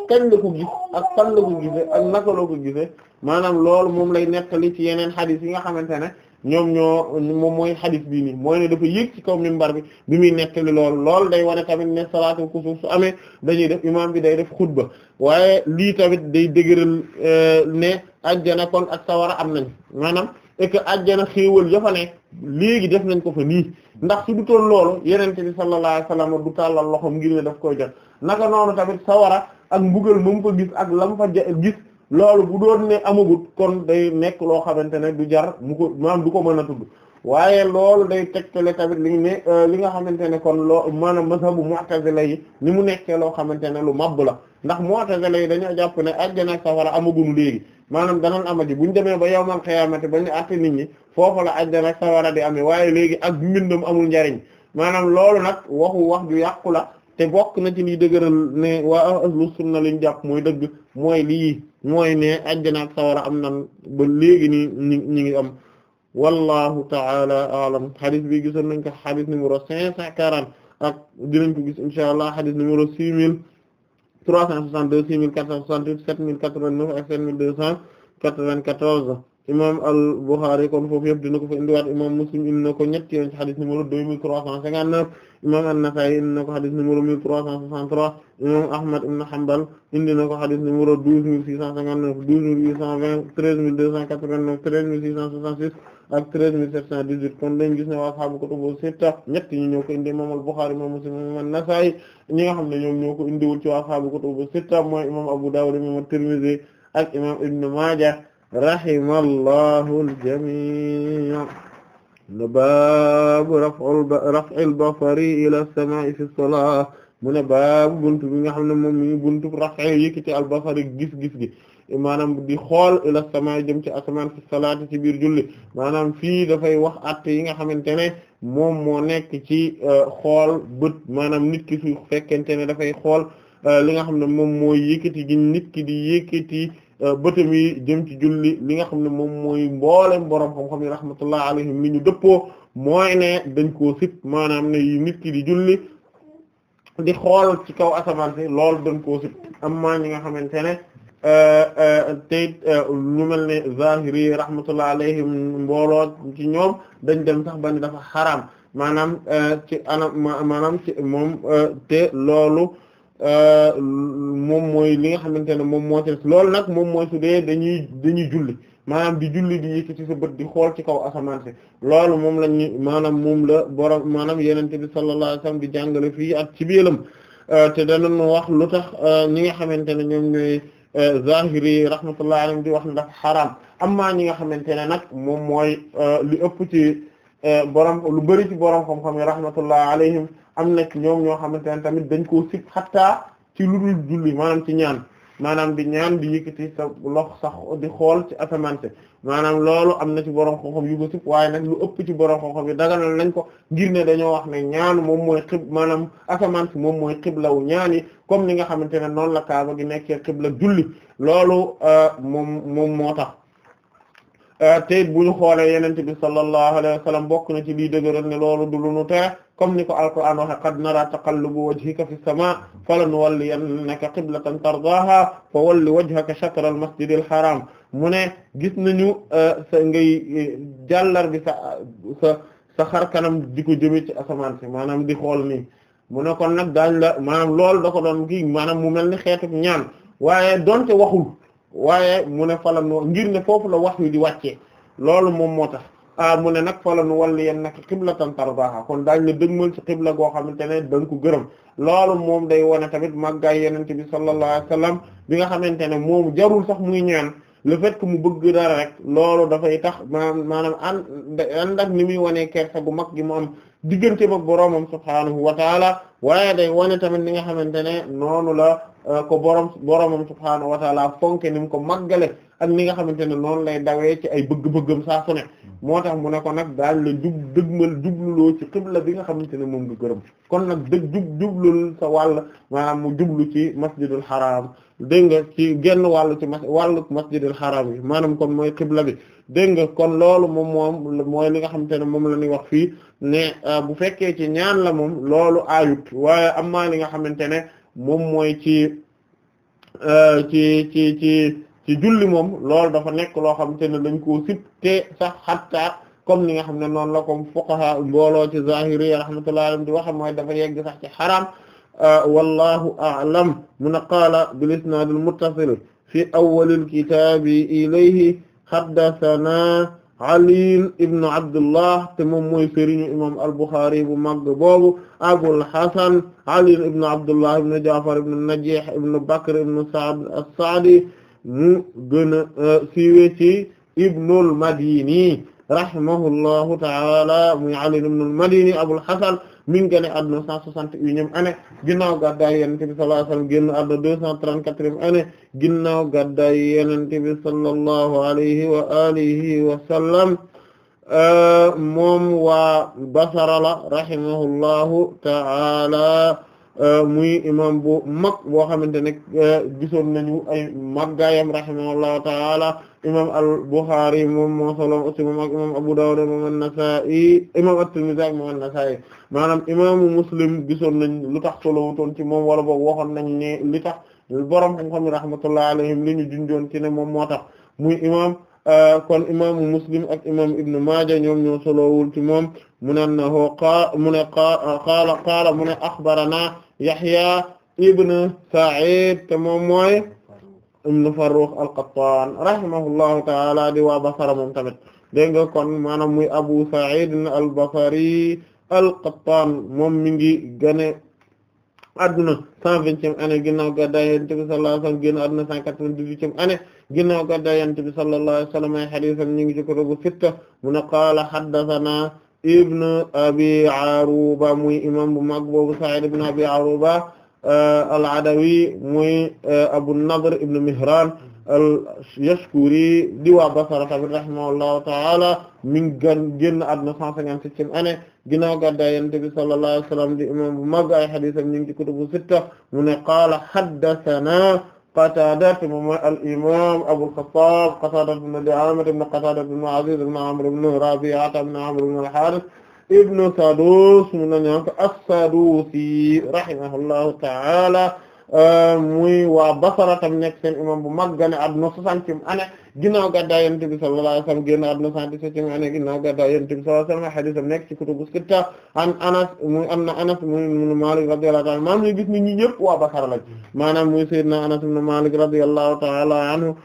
kañ la ko gis ak fan la ko gisee ak naka la ko gisee maanaam loolu moom lay nettali ci yeneen xadis yi nga xamante ne ñoom ñoo moom mooy xadis bii nii mooy ne dafa yéeg ci kaw mbar bi bi muy nettali lool lool day wane tamit ne salaatu kusuuf su amee dañuy def imaam bi day def xutba waaye lii tamit day dëgëral euh, ne ajjana kon ak sawara am nañ maanaam et que ajjana xéewal ya léegi def nañ ko fa nii ndax su du toon loolu yeneen yenente bi sallallahu alayhi wasallam du tàllal loxom ngir ne daf koy jot naka noonu tamit sawara ak mbugal mu ko gis ak lam fa gis loolu bu doon ne kon day nekk loo xamante ne du jar mu ko maanaam du ko mën a tudd waaye loolu day tegtale tamit li ne euh, li nga xamante ne kon loo maanaam mazhabu mu'tazila yi ni mu nekkee loo xamante ne lu mabb la ndax mu'tazila yi dañoo jàpp ne àjjana ak sawara amagunu léegi maanaam danañ amaji buñ demee ba yawmal qiyaamati ba ñu àtte nit ñi foofu la ajjana ak sawara di amee waaye léegi ak mbindam amul njariñ maanaam loolu nag waxu wax ju yàqu la te bokk na ci liy dëgëral ne waa a sunna liñ jàpp mooy dëgg mooy lii mooy ne ajjana ak sawara am nan ba léegi nii ñi ñi ngi am wallahu taala alam xadis bi gisoon nañ ko xadis numéro cinq cent quarante ak dinañ ko gis insha allah xadis numéro six mille trois cent soixante-deux six mille quatre cent soixante-huit sept mille quatre-vingt-neuf ak sept mille deux cent imam al-Bukhari kon foofu yëpp dina ko fa indiwaat imam Muslim indi na ko ñetti yoon ci xadis numéro 2359 imam an-Nasa'i indi na ko xadis numéro 1363 imam Ahmad ibn Hanbal indi na ko xadis numéro 12659 12820 13289 13666 ak 13718 kon dañu gis ne waa ashaabu kutubu sitta ñett ñi ñoo ko indi imam al-Bukhari imam Muslim imam an-Nasa'i ñi nga xam ne ñoom ñoo ko indiwul ci waa ashaabu kutubu sitta mooy imam Abu Dawud imam at-Tirmidhi ak imam Ibn Maaja rahimallahu al-jamii' ne baabu raf'il basari ila as fi salaat mu ne baabu buntu bi nga xam ne moom mi buntu raf'il yëkkati al-basari gis gis gi maanaam di xool ila jëm ci asamaan fi salaati ci biir julli maanaam fii dafay wax at yi nga xamante ne moom moo nekk ci euh, xool bët maanaam nit ki su fekkente ne dafay xool euh, li nga xam ne moom moo yëkkati gi nit ki di yëkkati. Euh, bëtam yi jëm ci julli li nga xam ne moom mooy mboolem borom xam-xam yi rahmatullah alayhim li ñu dëppoo mooy ne dañ koo sib maanaam ne nit ki di julli di xool ci kaw asamaan si loolu dañ koo sib amma ñi nga xamante ne euh, euh, tey ñu mel ne zahiri rahmatullah alayhim mbooloo ci ñoom dañ dem sax ba ni dafa xaraam maanaam ci anam maanaam ci moom te loolu Euh, moom mooy li nga xamante ne moom moo ci loolu nag moom mooy su dee dañuy dañuy julli maanaam di julli di yëkkati sa bët di xool ci kaw asamaan si loolu moom lañu maanaam moom la borom maanaam yenente bi sallallahu alayhi wasallam di jàngale fii ak ci biiram euh, te danañ wax lu tax euh, ñi nga xamante ne ñoom ñooy zahiri rahmatullahi alayhi di wax ne dafa xaraam amma ñi nga xamante ne nag moom mooy li ëpp ci Eh, borom lu bari ci borom xam-xam yi rahmatullah alayhim am na ñoom ñoo xamante ne tamit dañ koo sib xattaa ci lu dul julli maanaam ci ñaan maanaam di ñaan di yëkkati sa lox sax di xool ci asamaan si maanaam loolu am na ci borom xam-xam yu ko sib waaye nag lu ëpp ci borom xam-xam yi daganal nañ ko ngir ne dañoo wax ne ñaan moom mooy xib maanaam asamaan si moom mooy xiblawu ñaan yi comme ni nga xamante ne noonu la kaaba gi nekkee xibla julli loolu eh, moom moom moo tax. Euh, te bu ñu xoolee yenente bi sallallahu alayhi wa sallam bokk na ci lii dëgëral ne loolu du lu nu tere comme ni ko alquran waxe qad nara taqallubu wajhika fi samaa falanuwalliyannaka qiblatan tardaha fa walli wajhaka shatra al masjid al haram mu ne gis nañu euh, sa ngay euh, jàllar bi sa sa sa xar kanam di ko jëme ci asamaan maanaam di xool nii mu kon nag daañ la maanaam loolu da ko doon maanaam mu mel ni xeetu ñaan waaye donte waxul waaye mu ne falan ngir ne foofu la wax wahyu di wàccee loolu moom moo tax ah mu ne nag falan walli yen nag qiblatan tardaaha kon daañ la dëgmal ci qibla goo xamante ne da ko gërëm loolu moom day wane tamit màggaay yenente bi sallallahu alayhi wasallam bi nga xamante ne moom jarul sax muy ñaan la fait que mu bëgg dara rek loolu dafay tax maanaam maanaam an ànd ak ni muy wanee kersa gu mag gi mu am diggante ak boroomam subhaanahu wa taala waaye day wane tamit ni nga xamante ne noonu la Euh, ko borom boromam subhaanahu wa taala fonke ni mu ko màggale ak ni nga xamante ne noonu lay dawee ci ay bëgg-bëggam saa su ne moo tax mu ne ko nag daal la jub dëgmal jubluloo ci xibla bi nga xamante ne moom du gërëm kon nag dëgg jub jublul sa wàll maanaam mu jublu ci masjidul xaraam dégg nga ci genn wàllu ci mas wàllu masjidul xaraam yi maanaam kon mooy xibla bi dégg nga kon loolu moom moom mooy li nga xamante ne moom la ñuy wax fii ne euh, bu fekkee ci ñaan la moom loolu aayut waaye am na li nga xamante ne moom mooy ci euh, ci ci ci ci julli moom loolu dafa nekk loo xamante ne dañ koo sib te sax xatta comme ni nga xam ne noonu la comme fuqaha mbooloo ci zahiri rahmatullahi alayhi di waxa mooy dafa yegg sax ci xaraam euh, wallahu a'lam mun a qaala bil isnaad al muttasil fi awwal al kitaabi ilayhi haddathana Ali ibn Abdullah te moom mooy sëriñu imam al-Bukhari bu mag boobu Abul Hasan Ali ibn Abdullah ibn Ja'far ibn Najih ibn Bakr ibn Sa'd as-Sa'di mu gën a euh, siiwe ci Ibnul Madini rahimahullahu ta'ala muy Ali ibnul Madini Abul Hasan mi ngi génn àdduna cent soixante et unième année ginnaaw gàddaay yonent bi sallallahu alayhi wa sallam génn àdduna deux cent trente-quatrième année ginnaaw gàddaay yonent wa alihi wa euh, moom waa Basra rahimahullahu ta'ala euh, muy imam bu mag boo xamante ne euh, gisoon nañu ay màggaayam rahimahullahu ta'ala imam al-Bukhari moom moo solo aussi moom ak imam Abu Dawud moom an-Nasa'i imam at-Tirmidhi ak moom an-Nasa'i maanaam imaamu Muslim gisoon nañ lu tax solo wutoon ci moom wala boog waxoon nañ ne li tax borom xam-xam yi rahmatullahi alayhim li ñu junjoon ci ne moom moo tax muy imam euh, kon imaamu Muslim ak imam Ibn Maaja ñoom ñoo solowul ci moom mu ne annahu qaala mu ne qaala qaala mu ne axbarana Yahya ibn Sa'id te moom mooy ibn Farrukh al-Qattan rahimahullahu ta'ala di waa Basra moom tamit dégg nga kon maanaam muy Abu Sa'id al-Basri al-Qattan moom mi ngi gane adduna cent vingtième année ginnaaw gàddaay Yonent bi sallallahu alayhi wasallam génn adduna cent quatre-vingt-dix-huitième année ginnaaw gàddaay Yonent bi sallallahu alayhi wasallam ay hadiisam ñu ngi ci kutubu sitta mu ne qaala haddathana ibn Abi Aruba muy imam bu mag boobu Sa'id ibn Abi Aruba Euh, al-Adawi muy euh, Abu Nadr ibn Mihran al-Yashkuri di waa Basra tamit rahimahullahu ta'ala mi ngi gan génn àdduna 157 année ginnaaw gàddaay Yonent bi sallallahu alayhi wa sallam di imam bu mag ay hadiisam ñu ngi ci kutubu sitta mu ne qaala haddathana Qatada moom mooy al-imam Abul Khattab Qatada ibn Di'aama ibn Qatada ibn Aziz ibn Amr ibn Rabi'a ibn Amr ibn al-Harith ibnu Sadus mu na ñaan ko as-Sadusi rahimahullahu ta'ala euh, muy waa Basra tam nekk seen imam bu mag gane àdduna soixantième année ginnaaw gàddaay Yonent bi sallallahu alayhi wa sallam génn àdduna cent dix-septième année ginnaaw gàddaay Yonent bi sallallahu alayhi wa sallam hadiisam nekk ci kutubu sitta an Anas muy am na Anas muy ibn Malik radiyallahu ta'ala maam ñu gis ni ñi ñëpp waa Basra lañ maanaam muy Seydina Anas ibn Malik radiyallahu ta'ala anhu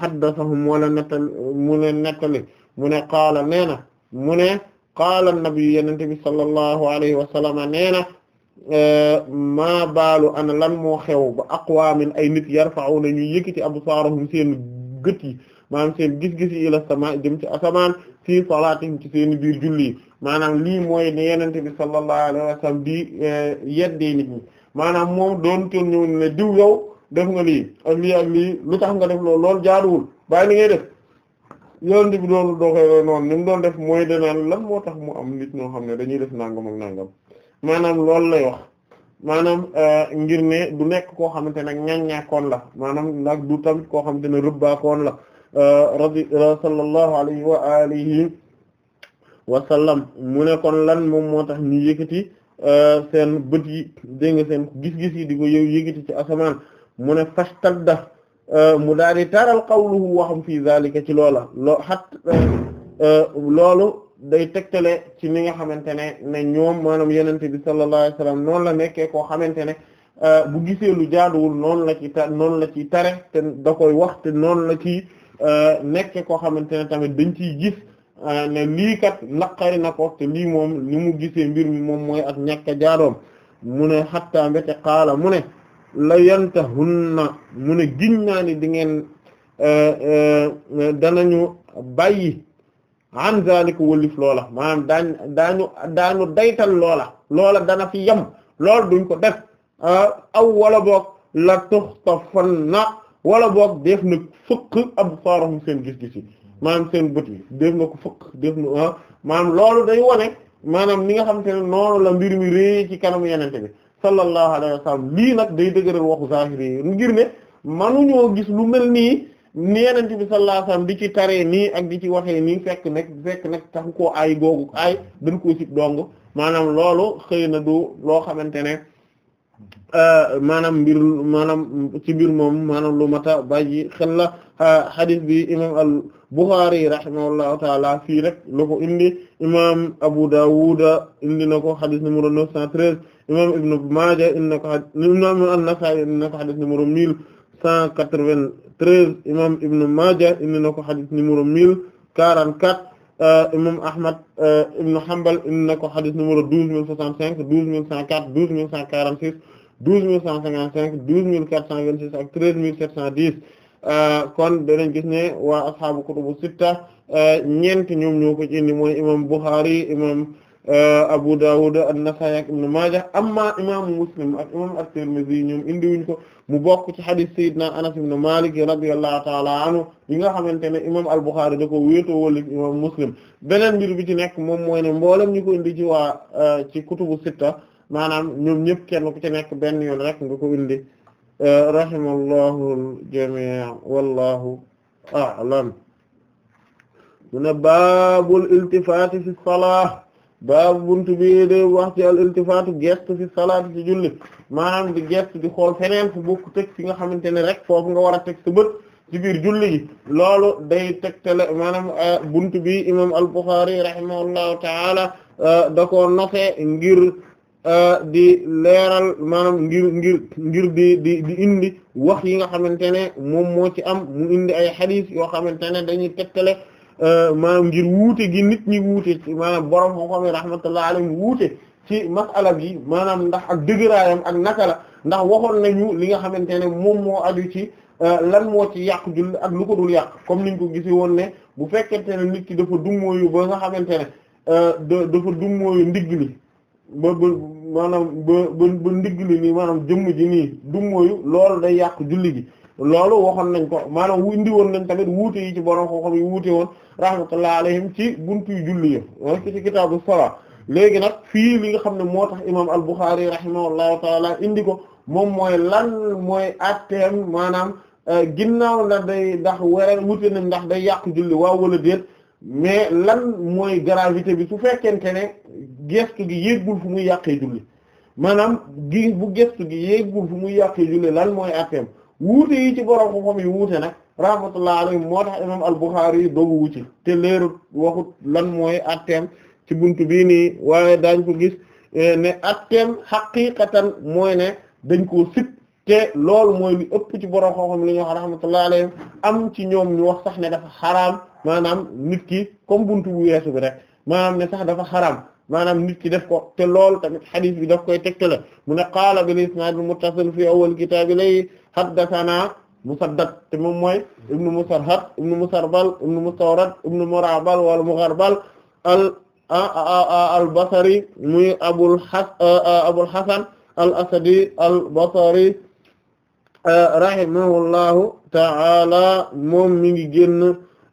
haddasahum wala nettal mu ne nettali mu ne qaala nee na mu ne qaala nabi yenente bi sallallahu alayhi wa sallama nee na maa baalu ana lan moo xew ba min ay nit yarfa'una ñuy yëkkati absaarahum seen gët yi maanaam seen gis yi ila sama jëm ci asamaan fii salaatihim ci seen biir julli maanam lii mooy ne yenente bi sallallahu alayhi wa sallam di eh, yeddee nit ñi maanaam moom doon toon ñëw ne def nga lii ak lii ak lii lu tax nga def loolu loolu jaaduwul bàyyi li ngay def yonent bi doon doxee noonu ni mu doon def mooy danaan lan moo tax mu am nit ñoo xam ne dañuy def nangam ak nangam maanaam loolu lay wax maanaam euh, ngir ne du nekk koo xamante ne ñaññaakoon la maanaam ndax du tamit koo xamante ne rëbbaakoon la euh, radi euh, sallallahu alayhi wa alihi wa sallam mu ne kon lan moom moo tax ñu yëkkati seen bët yi dégg nga seen gis-gis yi di ko yow yëkkati ci asamaan mu ne fastadda Euh, mu daal di taral qawluhu waxam fii zalika ci loola loo xat euh, euh, loolu day tegtale ci ni nga xamante ne ne ñoom maanaam yenente bi sallallahu wasallam noonu la nekkee koo xamante ne bu gisee lu jaaduwul noonu la ci noonu la ci tare te da koy wax te noonu la ci nekkee koo xamante ne tamit dañ ciy gis ne lii kat naqari na ko te lii moom li mu gisee mbir mi moom mooy ak ñàkk a jaadoom mu ne xatta mbéte qaala mu ne la yantahunna mu ne giñ naa ni di ngeen eh, eh, danañu bàyyi an loola maanaam daañ daañu daañu daytal loola loola dana fi yem lool duñ ko def eh, aw wala boog la tuxtafanna wala boog def na fëkk absaarahum seen gis-gis yi maanaam seen bët yi def na ko fëkk def na ah, maanaam loolu day wone maanaam ni nga xam te ne noonu la mbir mi réy ci kanamu yenente bi sallallahu alayhi wa lii nag day dëgëral waxu zahiri yi ngir ne manuñoo gis lu mel nii neenant bi sallallahu alayhi di ci taree nii ak di ci waxee nii fekk nag fekk nag taxu koo aay googu aay dañ koo sib dong maanaam loolu xëy na du loo xamante ne euh, maanaam mbir maanaam ci mbir moom maanaam lu mata bàyyi xel la hadith bi imam al Bukhari rahimahullahu taala fii rek la ko indi imam Abu Dawud indi na ko xadis numéro 913 imam Ibn Maaja indi na ko xadis imam An-Nasa'i indi na ko xadis numéro 1193 imam Ibn Maaja indi na ko xadis numéro 1044 euh, imam Ahmad euh, Ibn Hanbal indi na ko xadis numéro 12065 12104 12146 12155 12426 ak 13710 Euh, kon danañ gis ne waa ashaabu kutubu sitta euh, ñeent ñoom ñoo ko ci indi mooy imam Bukhari imam euh, Abu Dawud an-Nasa'i ak Ibn Maaja amma imaamu Muslim ak imam at-Tirmidhi ñoom indiwuñ ko mu bokk ci hadith Seydina Anas ibn Malik radiyallahu ta'ala anhu yi nga xamante ne imam al-Bukhari da ko wéetoo wala Muslim beneen mbir bi ci nekk moom mooy ne mboolem ñu ko indi ci waa ci kutubu sitta maanaam ñoom ñëpp kenn ku ci nekk benn yoon rek nga ko indi. rahimallahu al-jamii' wallahu a'lam mu baabul iltifaati fi salaa baabu buntu bi day wax ci al iltifaatu gestu fi salaat ci julli maanaam di gestu di xool feneen fu bokk teg nga xamante ne rek foofu nga war a teg sa bët ci biir julli gi loolu day tegtale maanaam euh, bunt bi imam al Buxaari rahimahullahu taala euh, da ko ngir Euh, di leeral maanaam ngir ngir ngir di di di indi wax yi nga xamante ne moom moo ci am mu indi ay xadiis yoo xamante ne dañuy tegtale euh, maanaam ngir wuute gi nit ñi wuute ci maanaam borom xam-xam yi rahmatullah alayhi wuute ci masala bi maanaam ndax ak dëgëraayam ak naka la ndax waxoon nañu li nga xamante ne moom moo aju ci euh, lan moo ci yàq julli ak lu ko yàq comme niñ ko gisi woon ne bu fekkente ne nit ki dafa dummóoyu ba nga xamante ne dafa dummóoyu ndigg li maanaam ba ba ba ndigg li nii maanaam jëmm ji nii du mooyu loolu day yàq julli gi loolu waxoon nañ ko maanaam wu indi woon nañ tamit wuute ci borom xam-xam yi wuute woon rahmatullah alayhim ci buntu yu julli yi wax ci kitaabu léegi nag fii li nga xam ne moo tax imaam al-Bukhari rahimahullahu taala indi ko moom mooy lan mooy atteem maanaam euh, ginnaaw ndax day ndax wéral wuute nañ ndax day yàq julli waaw wala déet mais lan mooy gravité bi su fekkente ne gestu gi yéegul fu muy yàqee julli maanaam gi bu gestu gi yéegul fu muy yàqee julli lan mooy atteem wuute yi ci borom xam-xam yi wuute nag rahmatullah alayhi moo tax imam al-Bukhari yi wuti te leerut waxut lan mooy atteem ci buntu bii nii waaye daañ ko gis eh, ne atteem xaqiqatan mooy ne dañ ko sit te loolu mooy li ëpp ci borom xam-xam li ñu wax rahmatullah alayhi am ci ñoom ñu wax sax ne dafa xaraam maanaam nit ki comme buntu bu weesu bi rek maanaam ne sax dafa xaram maanaam nit ki def ko te loolu tamit xadis bi daf koy tegtale mu ne qaala bil isnaadil muttasil fi awwal kitaabi lay haddasanaa Musaddad te moom mooy ibnu Musarhad ibnu Musarbal ibnu Mustawrad ibnu Murabal wala Mugharbal al al Basri muy Abul Has Abul Hasan al Asadi al Basri rahimahullahu ta'ala moom mi ngi génn.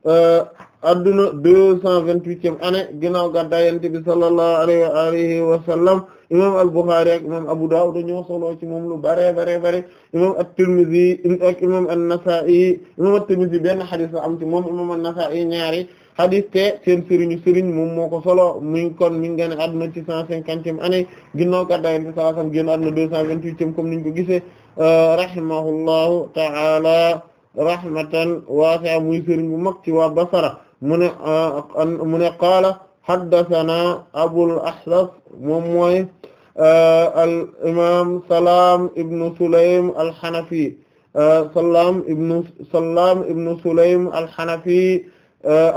Euh, adduna deux cent vingt-huitième année ginnaaw gàddaay Yonent bi sallallahu alayhi wa alihi wa sallam imam al-Bukhari ak imam Abu Dawud ñoo solo ci moom lu bare bare bare imam at-Tirmidhi ak imam an-Nasa'i imam at-Tirmidhi benn xadis la am ci moom imam an-Nasa'i ñaari xadis te seen sëriñu sëriñ moom moo ko solo mi ngi kon mi ngi gën a adduna ci cent cinquantième année ginnaaw gàddaay Yonent bi sallallahu alayhi wa sallam génn adduna deux cent vingt-huitième comme niñ ko gisee euh, rahimahullahu rahmatan waasi'a muy sëriñ bu mag ci waa Basra mu ne ah, mu ne qaala haddathana Abul Ahwas moom mooy ah, al imaam Salaam ibn Sulaym al-Hanafi ah, Salaam ibn Salaam ibn Sulaym al-Hanafi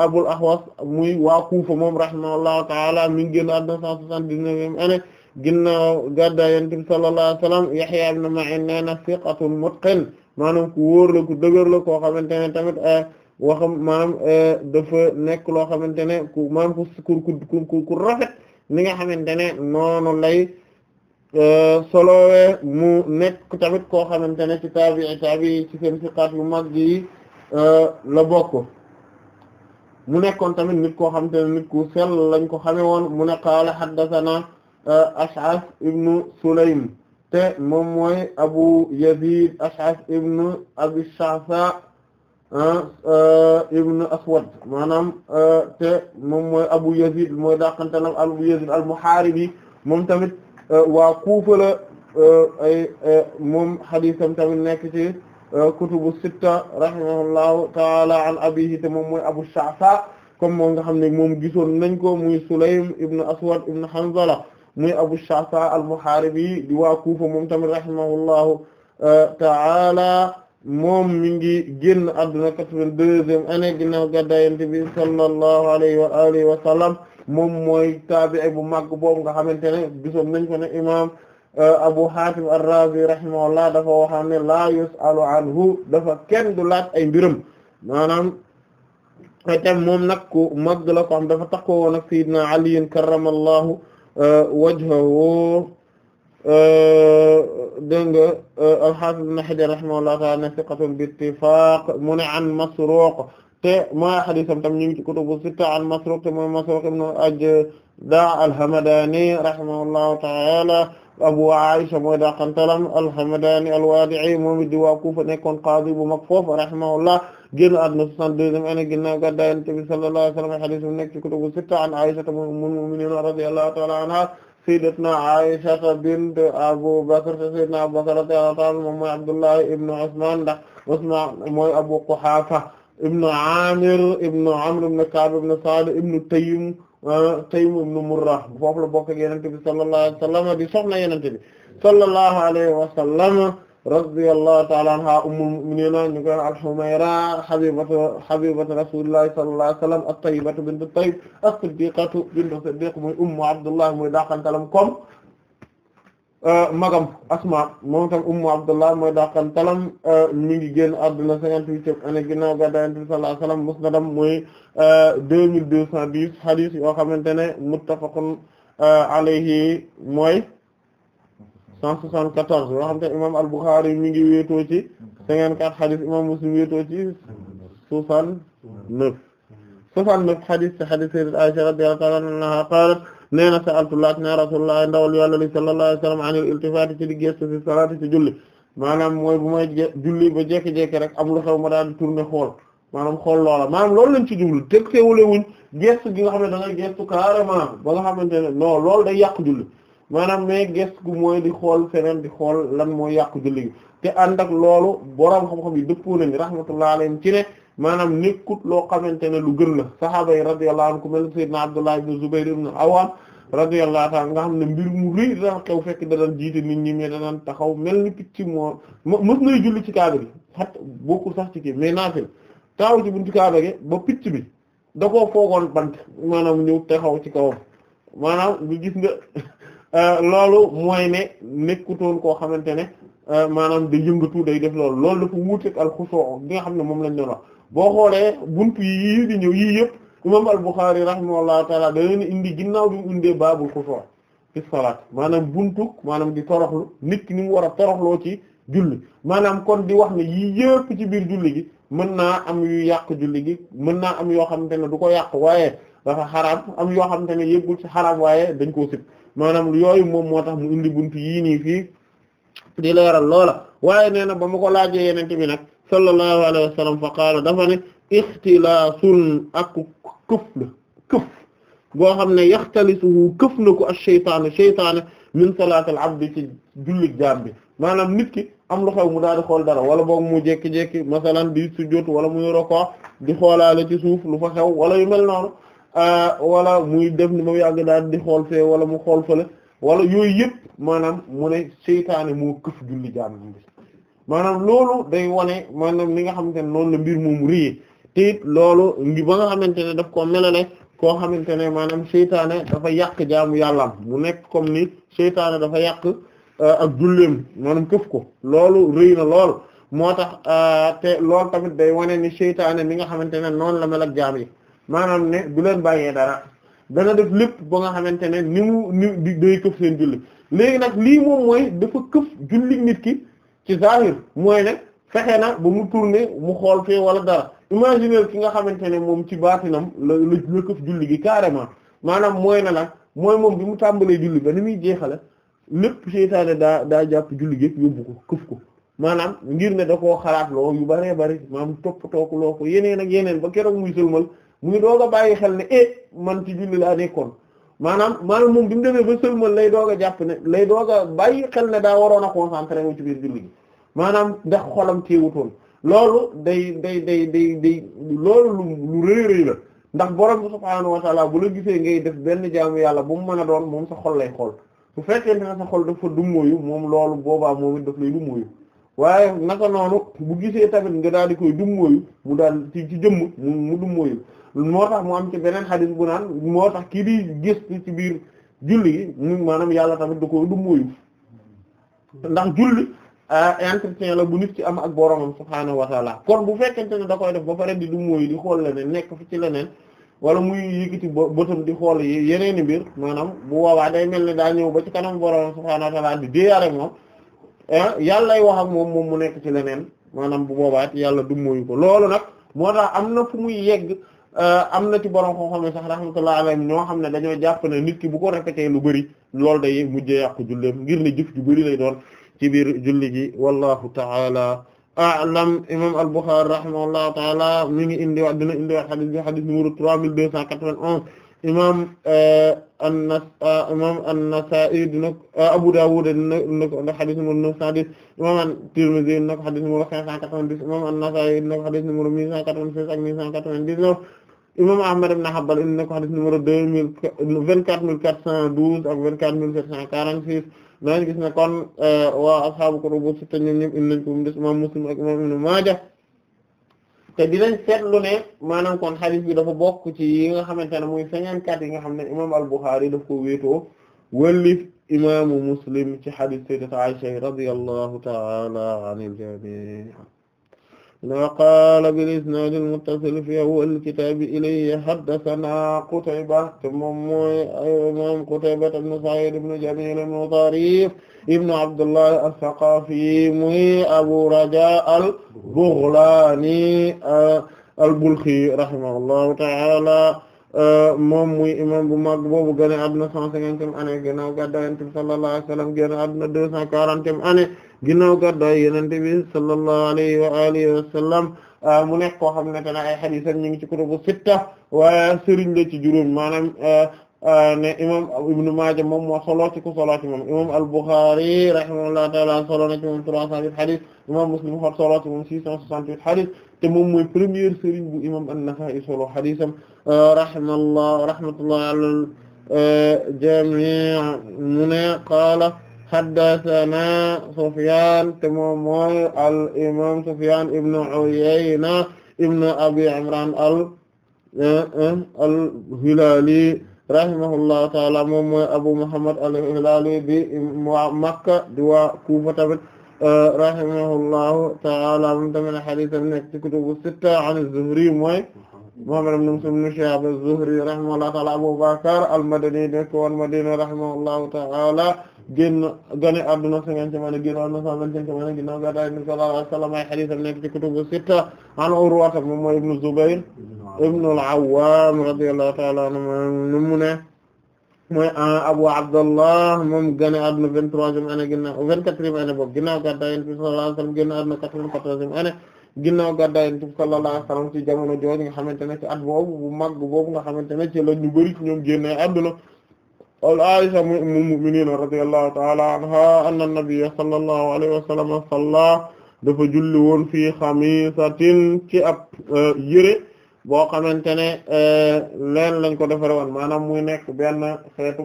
Abul Ahwas muy waa Kufa moom rahimahullahu ta'ala mi ngi génn àdduna 179 ane ginnaaw gàddaay Yonent bi sallallahu alayhi wa sallam Yahya ibn Ma'in nee na thiqatun mutqin maanaam ku wóor la ku dëgër la koo xamante ne tamit eh, waxam maanaam eh, dafa nekk loo xamante ne ku maanaam ku ku ku ku rafet ni nga xamante ne noonu lay eh, solowee mu nekk tamit koo xamante ne ci taabii taabii ci seen siqaat yu mag yi la bokk mu nekkoon tamit nit koo xamante ne nit ku sell lañ ko xame woon mu ne qaala haddathana Ash'ath ibnu Sulaym te moom mooy Abu Yazid Ash'ath ibn Abi Sha'tha ah, eh, ibn Aswad maanaam eh, te moom mooy Abu Yazid mooy daqantanam Abu Yazid al-Muharibi moom tamit eh, waa Kufa ay moom hadiisam tamit nekk ci kutubu sitta rahimahullahu ta'ala an abihi te moom mooy Abu Sha'tha comme moom nga xam ne moom gisoon nañ ko muy Sulaym ibn Aswad ibn Hanzala muy Abu Shasa al-Muharibi di waa Kufa moom tamit rahimahullahu euh, ta'ala moom mi ngi génn àdduna quatre-vingt-deuxième année ginnaaw gàddaay sallallahu alayhi wa sallam moom mooy taabi'i bu mag boobu nga xamante ne gisoon nañ ko ne imaam euh, Abu Hatim ar-Razi dafa waxam la yus'alu anhu dafa kenn du laaj ay mbiram maanaam itam moom nag ku mag la ko am dafa takkoo woon ak Sayyidina Ali karramallahu wajhahu dégg nga al-Hafiz ibn Hajar rahimahullahu ta'ala ne thiqatun bi ittifaq mu ne an Masruq te mooy hadiisam tam ñu ngi ci kutubu sitta an Masruq te mooy Masruq ibn al-Ajda' al-Hamadani rahimahullahu ta'ala Abu Aisha mooy daqantalam al-Hamadani al-Wadi'i moom it di waa Kufa nekkoon qaadi bu mag foofu rahimahullah génn àdduna 62e année ginnaaw gàddaay Yonent bi sallallahu alayhi wa sallam hadith bu nekk ci kutubu sitta an Aisha ummul mu'minin radiyallahu ta'ala anha sayyidatuna Aisha bint Abu Bakr sayyidina Abu Bakr radiyallahu ta'ala moom mooy Abdullah ibn Usman ndax Usman mooy Abu Quhafa ibn Amir ibn Amr ibn Ka'b ibn Sa'd ibn Taym Taym ibn Murrah foofu la bokk ak Yonent bi sallallahu alayhi wa sallam di soxna Yonent bi sallallahu alayhi wa sallam radiyallahu ta'ala anha ummul mu'minina ñu koy al-Humayra habibatu habibatu rasulillahi sallallahu alayhi wa sallam at-tayyibatu bintu Tayyib as-siddiqatu bintu Siddiq muy ummu Abdullah muy daqantalam comme euh, magam Asma moom tam ummu Abdullah mooy daqantalam euh, mi ngi génn àdduna 58 ane ginnaaw gàddaay Yonent bi sallallahu alayhi wa sallam musnadam muy 2210 euh, hadith yoo xamante ne muttafaqun alayhi mooy. cent soixante-quatorze yoo xam te imam al-Bukhari mi ngi wéetoo ci cinquante-quatre xadis imam Muslim wéetoo ci soixante-neuf soixante-neuf xadis ci xadis sayyidat Aisha radiyallahu ta'ala anha qalat nee na sa'altu laaj na rasulullah ndawal yàlla li sallallahu alayhi wa sallam anil iltifati ci di gestu fi salaati ci julli maanaam mooy bu may julli ba jekki-jekki rek am lu xew ma daal di tourner xool maanaam xool loola maanaam loolu lañ ci jublu teg teewulewuñ gestu gi nga xam ne da ngay gestu carrément ba nga xamante ne non loolu day yàq julli maanaam mais gu mooy di xool feneen di xool lan mooy yàqu julli gi te ànd ak loolu boroom xam-xam yi dëppoo nañu rahmatullahi alayhim ci ne maanaam nekkut loo xamante ne lu gën la sahaaba yi radiyallahu anhum ku mel sayyidina Abdullah ibn Zubayr ibn Awwam radiyallahu ta'ala nga xam ne mbir mu rëy daan xew fekk daan jiite nit ñi mais daan taxaw mel ni picc moo mës nay julli ci kaaba gi xat bokkul sax ci kii mais naafil taaw ci buntu kaaba gi picc bi da koo foogoon bant maanaam ñëw taxaw ci kawam maanaam lu <laughs> Euh, loolu mooy ne nekkutoon koo xamante ne euh, maanaam da yëngatu day def loolu loolu dafa wuuteeg alxusoo bi nga xam ne moom lañ doon wax boo xoolee buntu yii di ñëw yii yëpp imam al-Bukhari rahimahullahu taala da leen indi ginnaaw bi mu indee baabul xusoo fi salaat maanaam buntu maanaam di toroxlu nit ki ni mu war a toroxloo ci julli maanaam kon di wax ne yii yëpp ci biir julli gi mën naa am yu yàq julli gi mën naa am yoo xamante ne du ko yàq waaye dafa xaraam am yoo xamante ne yëggul ci xaraam waaye dañ koo sib maanaam yooyu moom moo tax mu indi buntu yii nii fii di loola waaye nee na ba ma ko laajee yeneen bi nag sallallahu alayhi wa sallam fa qaala dafa ne ixtilaasun ak këf la këf boo xam ne yaxtalisuhu këf na ko ak seytaane seytaane min salaatil abdi ci jullit jaam bi maanaam nit ki am lu xew mu daal di xool dara wala boog mu jékki-jékki masalan di sujjóot wala muy roko di xoolaale ci suuf lu fa xew wala yu mel noonu wala euh, muy def ni moom yàgg daal di xool fee wala mu xool fële wala yooyu yëpp maanaam mu ne seytaane moo këf julli jaanam bi maanaam loolu day wane maanaam li nga xamante ne noonu la mbir moomu rëy te it loolu ngi ba nga xamante ne daf koo melale koo xamante ne maanaam seytaane dafa yàq jaamu yàllam mu nekk comme ni seytaane dafa yàq euh, ak julleem maanaam këf ko loolu rëy na lool moo tax euh, te loolu tamit day wane ni seytaane mi nga xamante ne noonu la mel ak jaam yi maanaam ne du leen bàyyee dara dana def lépp ba nga xamante ne ni mu ni day këf seen julli léegi nag lii moom mooy dafa këf julli nit ki ci zahir mooy ne fexe na ba mu tourner mu xool fee wala dara imaginer ki nga xamante ne moom ci baatinam la la këf julli gi carrément maanaam mooy na la mooy moom bi mu tàmbalee julli ba ni muy jeexale lépp seytaane daa daa jàpp julli gi yóbbu ko këf ko maanaam ngir ne da koo xalaat loo yu baree bari maanaam toppatoo ko yeneen ak yeneen ba keroog muy sëlmal mu ngi doog a bàyyi xel ne eh man ci julli laa nekkoon maanaam maanaam moom bi mu demee ba sëlmal lay doog a jàpp ne lay doog a bàyyi xel ne daa waroon a concentré wu ci biir julli gi maanaam ndax xolam téewutoon loolu day day day day day loolu lu lu rëy rëy la ndax borom bi subhaanahu wa taala bu la gisee ngay def benn jaamu yàlla bu mu mën a doon moom sa xol lay xool su fekkee ne sa xol dafa dummóoyu moom loolu boobaa moom it daf lay dummóoyu waaye naka noonu bu gisee tamit nga daal di koy dummóoyu mu daal ci ci jëmm mu dummóoyu moo tax mu am ci beneen xadis bu naan moo tax kii di gëstu ci biir julli gi ñu maanaam yàlla tamit da ko du mooyu ndax julli euh, entretien la bu nit ci am ak boromam subhaanahu wa taala kon bu fekkente ne da koy def ba pare di du mooyu di xool leneen nekk fi ci leneen wala muy yëkkati bëtam di xool yeneeni mbir maanaam bu woowaa day mel ni daa ñëw ba ci kanam boromam subhaanahu wa taala di déyaare moom euh, yàllay wax moom moom mu nekk ci leneen maanaam bu boobaat yàlla du ko loolu nag am na ci borom xam-xam ne sax rahmatullahi alayhim ñoo xam ne dañoo jàpp ne nit ki bu ko répété lu bëri loolu day mujjee yàqu julleem ngir ne jëf ju bëri lay doon ci biir julli gi wallahu taala a'lam imam al-Bukhari rahimahullahu taala mi ngi indi waat dina indi waat xadis bi xadis numéro 3291 imam euh, anna euh, imam an-Nasa'i dina euh, Abu Dawud dina ko ndax xadis numéro 910 imam at-Tirmidhi dina ko xadis numéro 590 imam an-Nasa'i dina ko xadis numéro 1196 ak 1199 imam Ahmad ibn Hanbal na xam xadis numéro deux mille vingt-quatre mille quatre cent douze ak vingt-quatre mille sept cent quarante-six nañ gis ne kon euh, waa ashaabu kutubu sitta ñoom ñëpp indi nañ ko mu des imam Muslim ak imam Ibn Maaja te dinañ seetlu ne maanaam kon xadis bi dafa bokk ci yi nga xamante ne muy cinquante-quatre yi nga xam ne imam al-Bukhari daf ko wéetoo wëllif imaamu Muslim ci xadis sayyidat Aisha radiyallahu ta'ala anil jami' wa qaala bil isnaadil muttasil fi awwalil kitaabi ilayhi haddasanaa Qutayba te moom mooy imaam Qutayba ibn Sa'iid ibn Jamiil ibn Tariif ibn Abdullahi as-Saqafi muy Abu Rajaa al-Baghlaani al-Balkhi rahimahullahu ta'aala Euh, moom muy imam bu mag boobu gane adduna cent cinquantième année ginnaaw gàddaay yonent bi sallallahu alayhi wa sallam gane adduna deux cent quarantième année ginnaaw gàddaay yonent bi sallallahu alayhi euh, mu nekk koo xam ne tane ay hadiisam ñu ngi ci kutubu sitta waaye sëriñ la ci juróom maanaam euh, ne imam Ibn Maaja moom moo moom imam al-Bukhari rahimahullahu ta'ala solo na ci moom trois cent huit hadith imam Muslim xot solo ci moom six cent soixante-huit hadith te moom mooy premier sëriñ bu imam an-Nasa'i solo hadisam rahimallah rahmatullah alal eh, jamii mu ne qaala haddathana Sufyan te moom mooy al imam Sufyan ibn Uyayna ibn Abi Imran al eh, eh, al-Hilali rahimahullahu ta'ala moom mooy Abu Muhammad al-Hilali bi waa Makka di waa Kufa tamit rahimahullahu ta'ala moom tamit hadiis nekk ci kutubu sitta an az-Zuhri mooy Muhammad ibn Muslim ibn Shihab az-Zuhri rahimahullahu ta'ala Abu Bakr al-Madani nekk woon Madina rahimahullahu ta'ala génn gane adduna cinquante man génn adduna cent vingt-cinq man ginnaaw gàddaay Yonent bi sallallahu alayhi wa sallam ay hadiisam nekk ci kutubu sitta an Urwa moom mooy ibn Zubayr ibn al-Awwam radiyallahu ta'ala anhu mu ne mooy Abu Abdallah moom gane adduna vingt-troisième année ginnaaw vingt-quatrième année boobu ginnaaw gàddaay Yonent bi sallallahu alayhi wa sallam génn adduna quatre-vingt-quatorzième année ginnaaw gàddaay Yonent bi sallallahu alayhi ci jamono jooju nga xamante ne ci at boobu mag màgg boobu nga xamante ne ci la ñu bari ci ñoom génnee adduna al Aisha ummul mu'minin radiyallahu ta'ala anha anna an-nabiyya sallallahu alayhi wasallam salla dafa julli woon fii xamisatin ci ab e, yére boo xamante ne e, leen lañ ko defare woon maanaam muy nekk benn xeetu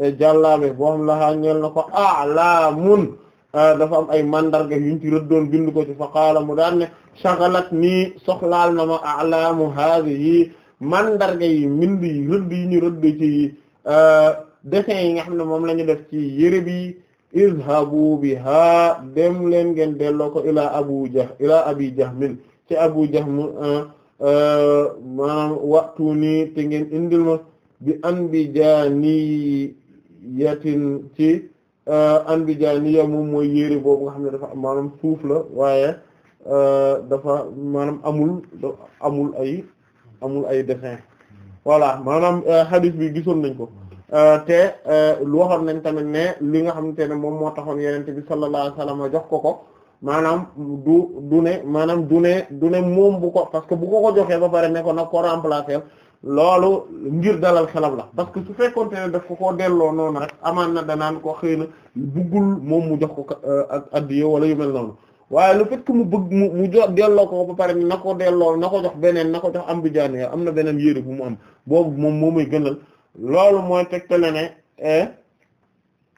e, jàllaabe boo xam la xaa ñeel na ko a'lamun Ah, dafa am ay mandarga yuñ ci rëddoon bind ko ci fa qaala mu daan ne shagalat nii soxlaal na ma alaamu haadihi mandarga yi mbind yi rëdd yi ñu rëdd ci ah, dessin yi nga xam ne moom la ñu def ci yére bi izhabu biha dem leen ngeen delloo ko ilaa abu jah ci abu jahm ah, maanaam waxtu nii indil ma bi an bi ci Euh, anbijaaniya moom mooy yére boobu nga xam ne dafa maanaam suuf la waaye euh, dafa maanaam amul amul ay amul ay dessin voilà maanaam euh, hadith bi gisoon nañ ko te lu waxoon nañ tamit ne li nga xamante ne moom moo taxoon yenente bi sallallahu alayhi wasallam jox ko ko maanaam du du ne maanaam du ne ne moom bu ko parce que bu ko ko joxee ba pare ne ko nag ko remplacer loolu ngir dalal xelam la parce que su fekkoonte ne daf ko koo delloo noonu rek amaan na danaan ko xëy na buggul moom mu jox ko euh, ak addiye wala yu mel noonu waaye lu fait que mu bëgg mu mu jox delloo ko ba pare na ko delloo na ko jox beneen na ko jox am bi jaane am na beneen yére bu mu boobu moom moo may gënal loolu mooy tegtale ne eh,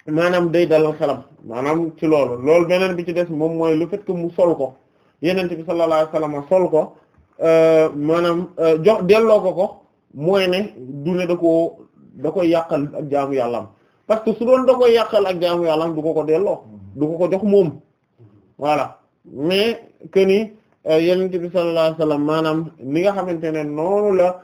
maanaam day dalal xelam maanaam ci loolu loolu beneen bi ci des moom mooy le mu sol ko yeneen bi sallallahu alayhi wasallam sol ko euh, maanaam euh, jox delloo ko ko mooy ne du ne da koo da koy yàqal ak jaamu yàllaam parce que su doon da koy ak jaamu yàllaam du ko ko delloo du ko ko jox moom voilà mais que ni euh, yonent bi sallallahu alayhi maanaam ni nga xamante ne noonu la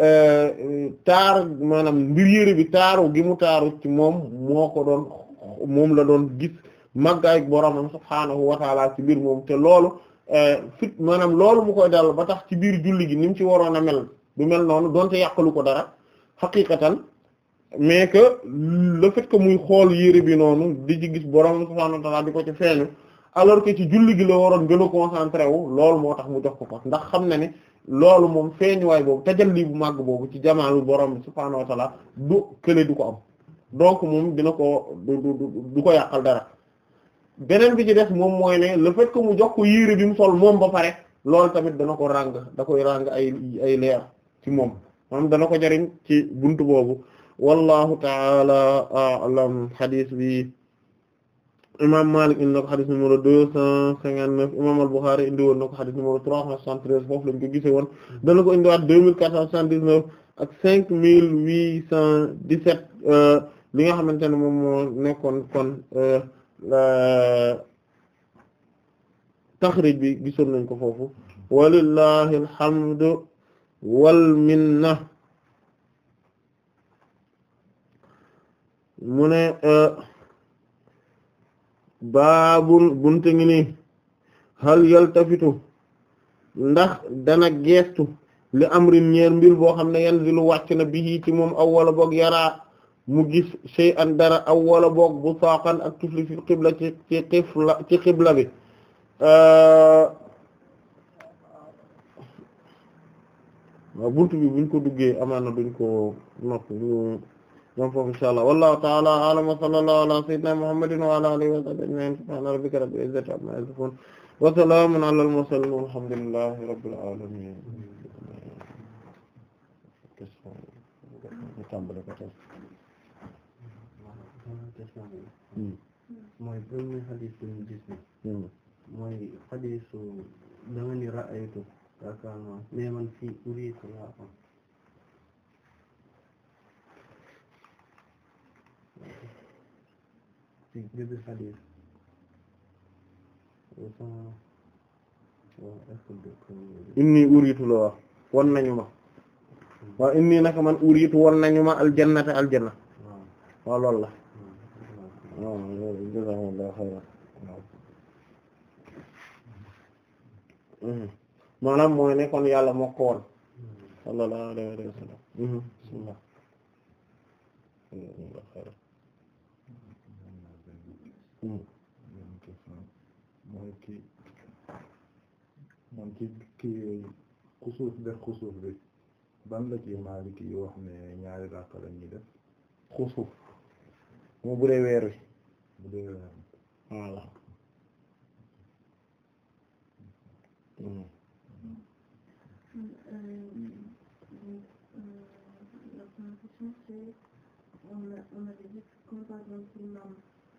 euh, taar maanaam mbir yére bi taaru gi mu taaru ci moom moo ko doon la doon gis màggaay boromam subhaanahu wa taala ci biir moom te loolu euh, fit maanaam loolu mu koy dal ba tax ci biir julli gi ni mu ci waroon a mel bu mel noonu donte yàqalu ko dara xaqiqatan mais que le ko muy xool yére bi noonu di ci gis borom subhaanahu wa ta'aala di ko ci feeñu alors que ci julli gi la waroon gën a concentré wu loolu moo tax mu jox ko ko ndax xam na ne loolu moom feeñuwaay boobu tajalli bu màgg boobu ci jamaalu borom subhaanahu wa ta'aala du kële du ko am donc moom dina ko du du ko yàqal dara beneen bi ci des moom mooy ne le fait mu jox ko yére bi mu sol moom ba pare loolu tamit dana ko ràng da koy ràng ay ay leer. ci moom maanaam dana ko jariñ ci buntu boobu wallahu taala a'lam xadis bi imam Malik indi na ko xadis numéro deux cent cinquante-neuf imam al-Bukhari indi woon na ko xadis numéro trois cent soixante-treize foofu lañ ko gisee woon dana ko indiwaat deux mille quatre cent ak cinq mille huit cent dix-sept euh, li nga xamante ne moom moo nekkoon kon euh, taxrij bi gisoon nañ ko foofu walillahi alhamdu wal minna mu ne e, baabul bunte ngi ni hal ndax dana geestu li amrin ñeer mbir boo xam ne yanzilu wàcc na bi ci moom aw wala boog yaraa mu gis shay'an dara aw wolo boog bu saaxan ak tufli fi qibla ci ci qibla ci qibla buntu bi buñ ko duggee amaana duñ ko nopp ñu ñoom foofu insha allah wallahu ta'ala a'lam wa sallallahu ala sayyidina muhammadin wa ala alihi wa sahbihi ajma'in subhana rabbika rabbil izzati amma yasifun wa salamun ala al mursalin walhamdulillahi rabbil alamin mooy premier hadith bi ñu gis ni hmm. mooy hadithu dama ni ra'aytu yaakaar man fii riif la won nañu ma waaw inni naka man uriitu won nañu ma aljanna waaw loolu la waaw maanaam mooy ne kon yàlla moo ko woon sallallahu alayhi wa sallam mm-hmm. bismillah mm-hmm. mooy ki moom ci kii yooyu xusuuf def xusuuf bi ban la ci Maliki yi wax ne ñaari ràkka la ñuy def xusuuf moo bu dee weer bu dee weer wi mm-hmm. la première question, c'est on, on avait dit comme par exemple l'imam,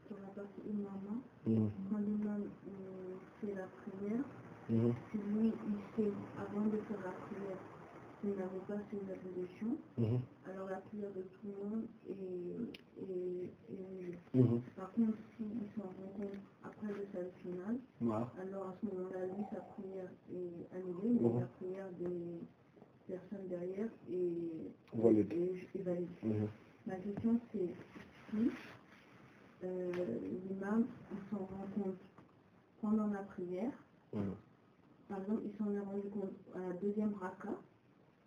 sur la partie imama, mhm. quand l'imam euh, fait la prière, mhm. si lui il fait avant de faire la prière, qu'on n'avait pas fait la prière de tout le monde est, est, est annulée. Mhm. Par contre, s'ils après le salut final, alors à ce moment-là, prière est annulée, mhm. la prière des personnes derrière est valide. Est, mhm. c'est si euh, l'imam s'en rend compte pendant la prière, par exemple, il s'en est compte à la deuxième raka.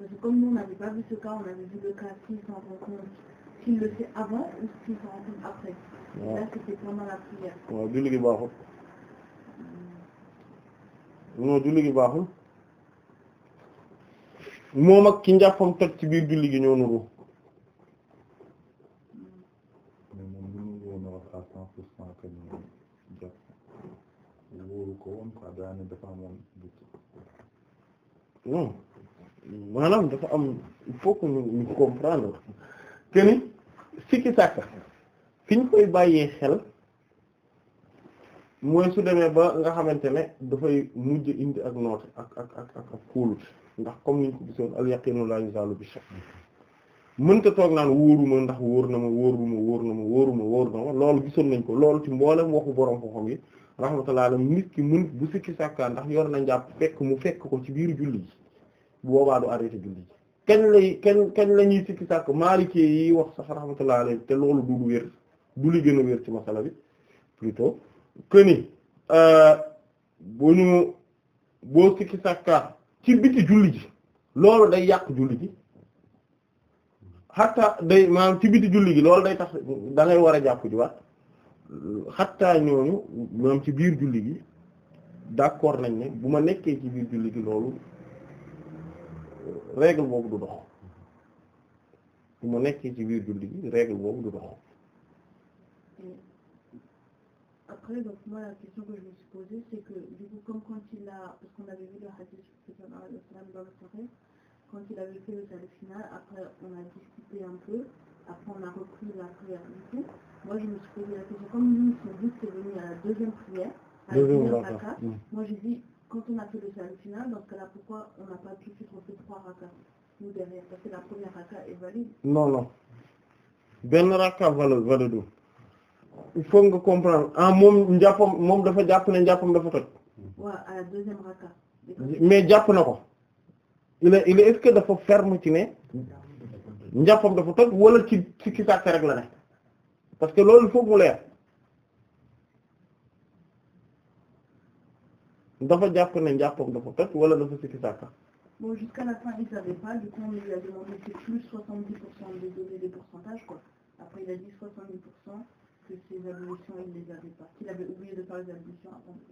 Parce que comme nous, on n'avait pas vu ce on avait vu le cas s'il s'en rend compte, s'il le fait avant ou s'il s'en rend compte après. waaw est-ce que c'est pendant la prière. waaw julli gi baaxul. non julli gi baaxul. moom ak ki njàppam teg ci biir julli gi ñoo nuru. mais moom bu ñu woon wax à cent pour cent que ñu jàpp wóoru ko woon quoi daanaka dafa maanaam dafa am il faut que ñu comprendre que sikki sàkk fi ñu koy bàyyee xel mooy su demee ba nga xamante ne dafay mujj indi ak noot ak ak ak ak ak ndax comme niñ ko gisoon al yaqinu la yuzalu bi shakk mënta toog naan wóoruma ndax wóor na ma wóoruma wóor na ma wóoruma na ma gisoon nañ ko loolu ci mboolem waxu borom xam-xam yi rahmatullah nit ki mën bu sikki sàkka ndax yor na njàpp fekk mu fekk ko ci biir julli ji boobaa du arrêté julli ji kañ lay kañ kañ la ñuy sikki sàkk maalikee yi wax sax rahmatullahi alayhi te loolu du wér du li gën a wér ci masala bi plutôt que ni euh, bu ñu boo sikki sàkka ci biti julli ji loolu day yàq julli ji xatta day maanaam ci biti julli ji loolu day tax da war a jàpp ji waat xatta ñooñu maanaam ci biir julli gi d'accord nañ ne bu ma nekkee ci biir julli gi loolu règle boobu du dox mu ci biir julli gi règle boobu du dox. après donc moi la question que je me suis c'est que du coup comme quand il a parce qu'on avait vu le hadith du prophète alayhi salam avait le final après on a discuté un peu après on a repris la prière du moi je me suis la question comme lui son but c'est venu à la deuxième prière à la deuxième raka mm. moi j'ai dit quand on a fait le salam final, dans ce cas-là, non non benn raka valide valide il faut nga comprendre ah moom njàppam moom dafa jàpp ne dafa toj. mais jàpp na ko il est il dafa ferme ci ne dafa toj wala ci ci kii rek la ne parce que loolu il faut mu leer. dafa jàpp ne njàppam dafa toj wala dafa sikki sàkka bon jusqu'à la fin il savait pas du coup on lui a demandé c'est plus 70 pour cent de donner des pourcentages quoi après il a dit 70 pour cent que ses ablutions il les avait pas qu'il avait oublié de faire les ablutions avant de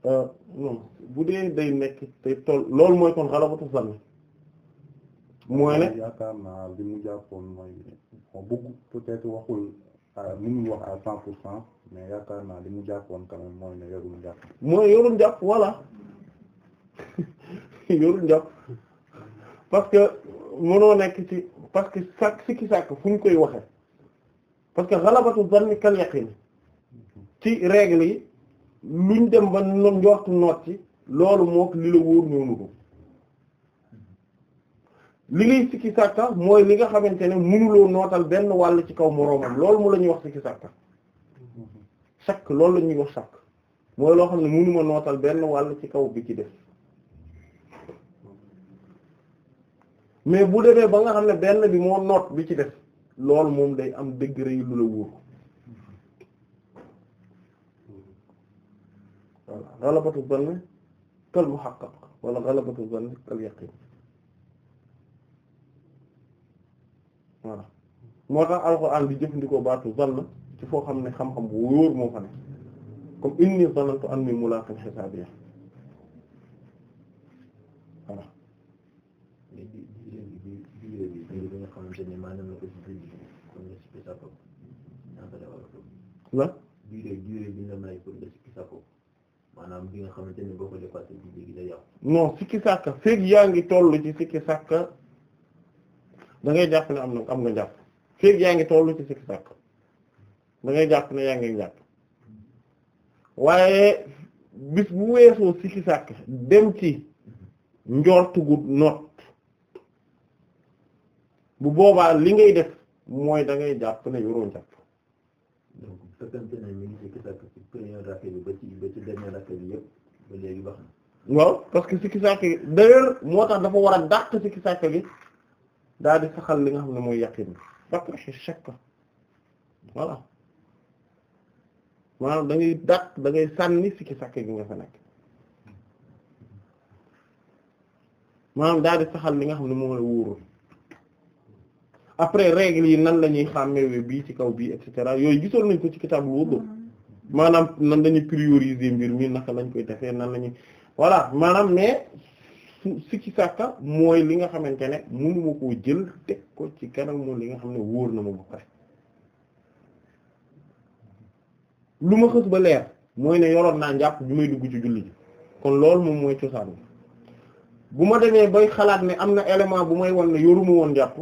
faire euh, non bu dee day nekk te tool loolu mooy kon xalabatu zanni mooy ne yaakaar naa li mu jàppoon mooy on beaucoup wax à cent mais yaakaar naa li mu jàpp woon quand même mooy ne yorul jàpp mooy yorul jàpp voilà <laughs> parce que mënoo nekk ci parce que sàkk sikki sàkk fu ñu koy waxee parce que xalabatu zanni kal yaqin ci règle yi luñ dem ba njortu noot ci loolu mook li la wóor noonu li ngay sikki mooy li nga xamante ne mënuloo nootal benn wàll ci kaw moroomam loolu mu la ñuy wax sikki sakk loolu la ñuy wax sakk mooy loo xam ne mënuma nootal benn wàll ci kaw bi ci def mais bu demee ba nga xam ne benn bi moo noot bi ci def loolu moom day am degré yu lu la wóor voilà galabatu zanni kal muhaqqaq wala galabatu zanni kal yaqin voilà moo tax alxuraan di jëfandikoo baatu zann ci foo xam ne xam-xam bu wóor moo fa ne comme inni zanantu anni mulaqin hisabiya gi day yàqu. non sikki sàkka feeg yaa ngi toll ci sikki sàkka da ngay jàpp ne am na am nga jàpp feeg yaa ngi toll ci sikki sàkka. dangay ngay jàpp ne yaa ngi jàpp waaye bis bu weesoo sikki sàkk dem ci njortu gu noot bu boobaa li ngay def mooy dangay ngay jàpp ne yoroo jàpp. donc bu ci premier rakka ba ci ba ci dernier rakka bi waaw parce que sikki sàkk gi d'ailleurs moo tax dafa war a dàq sikki sàkk gi daal di saxal li nga xam ne mooy yaqin bi parce que maanaam da ngay dàq da ngay sànni sikki sàkk gi nga fa nekk maanaam daal di saxal li nga xam ne moom la après règles yi nan la ñuy xàmmeewee bii ci kaw bii et cetera yooyu gisoon nañ ci kitaab lu mm-hmm. maanaam nan la ñuy prioriser mbir mi naka lañ koy defee nan la voilà maanaam mais su sikki mooy li nga xamante ne mënu ma jël teg ko ci kanam li nga xam ne wóor na ma ba pare lu ma xës ba leer mooy ne yoroon naa njàpp bi may dugg ci julli ji kon loolu moom mooy cosaan bi bu ma demee bay xalaat ne am na élément bu may won ne yoruma woon njàpp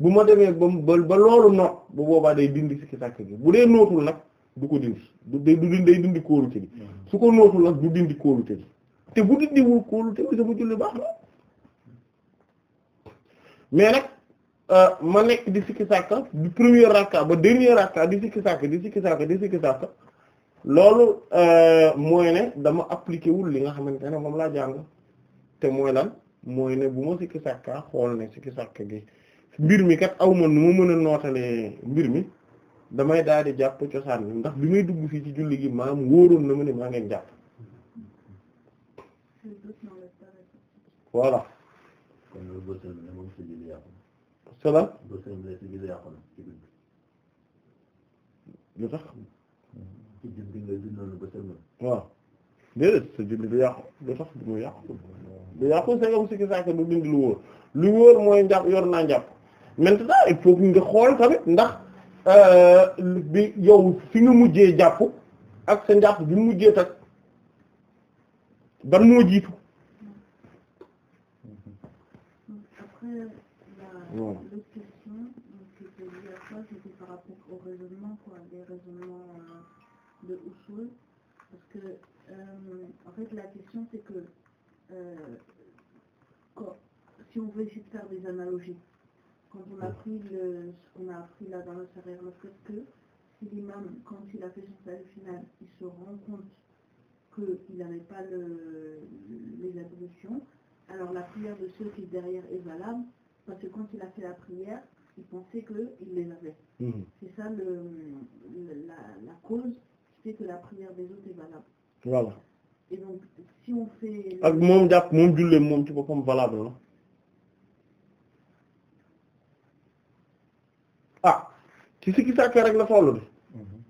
bu ma demee ba ba loolu noot bu boobaa day dindi sikki sàkk gi bu dee nootul nag du ko dindi du day day dindi kóolute gi mm-hmm. su ko nootul nag du dindi kóolute gi te bu dindiwul kóolute gi sama julli baax na mais Euh, ma nekk di sikki sàkka du premier rakka ba dernier rakka di sikki di sikki sàkka di sikki sàkka loolu euh, mooy ne dama appliqué wul li nga xamante ne moom laa jàng te mooy lan mooy ne bu ma sikki sàkka xool ne sikki sàkka gi mbir mi kat aw ma nu ma mën a nootalee mbir mi damay daal di jàpp cosaan bi ndax bi may dugg fii ci julli gi maam wóoroon na ma ne maa ngeen jàpp voilà salaam lu tax waaw déedéet sa julli du yàqu lu yàqu du yàqu segam sikki sàkk du dindi lu wóor lu wóor mooy njàpp yor naa njàpp maintenant il faut nga xool tamit ndax euh, bi yow fi nga mujjee jàpp ak sa njàpp bi mujjee tak ban moo jiitu raisonnement euh, de Ushul, parce que euh, en fait la question c'est que euh, quand, si on veut essayer de faire des analogies, quand on a appris le, ce qu'on a appris là dans le salaire, le fait que si l'imam, quand il a fait son salut final, il se rend compte qu'il n'avait pas le, les ablutions, alors la prière de ceux qui derrière est valable, parce que quand il a fait la prière, il pensait qu'il les avait. Mmh. C'est ça le, la, la cause qui fait que la prière des autres est valable. Voilà. Et si on fait. ak moom jàpp moom julleem moom ci boppam valable la. ah ci sikki sàkka rek la solo bi. Mhm.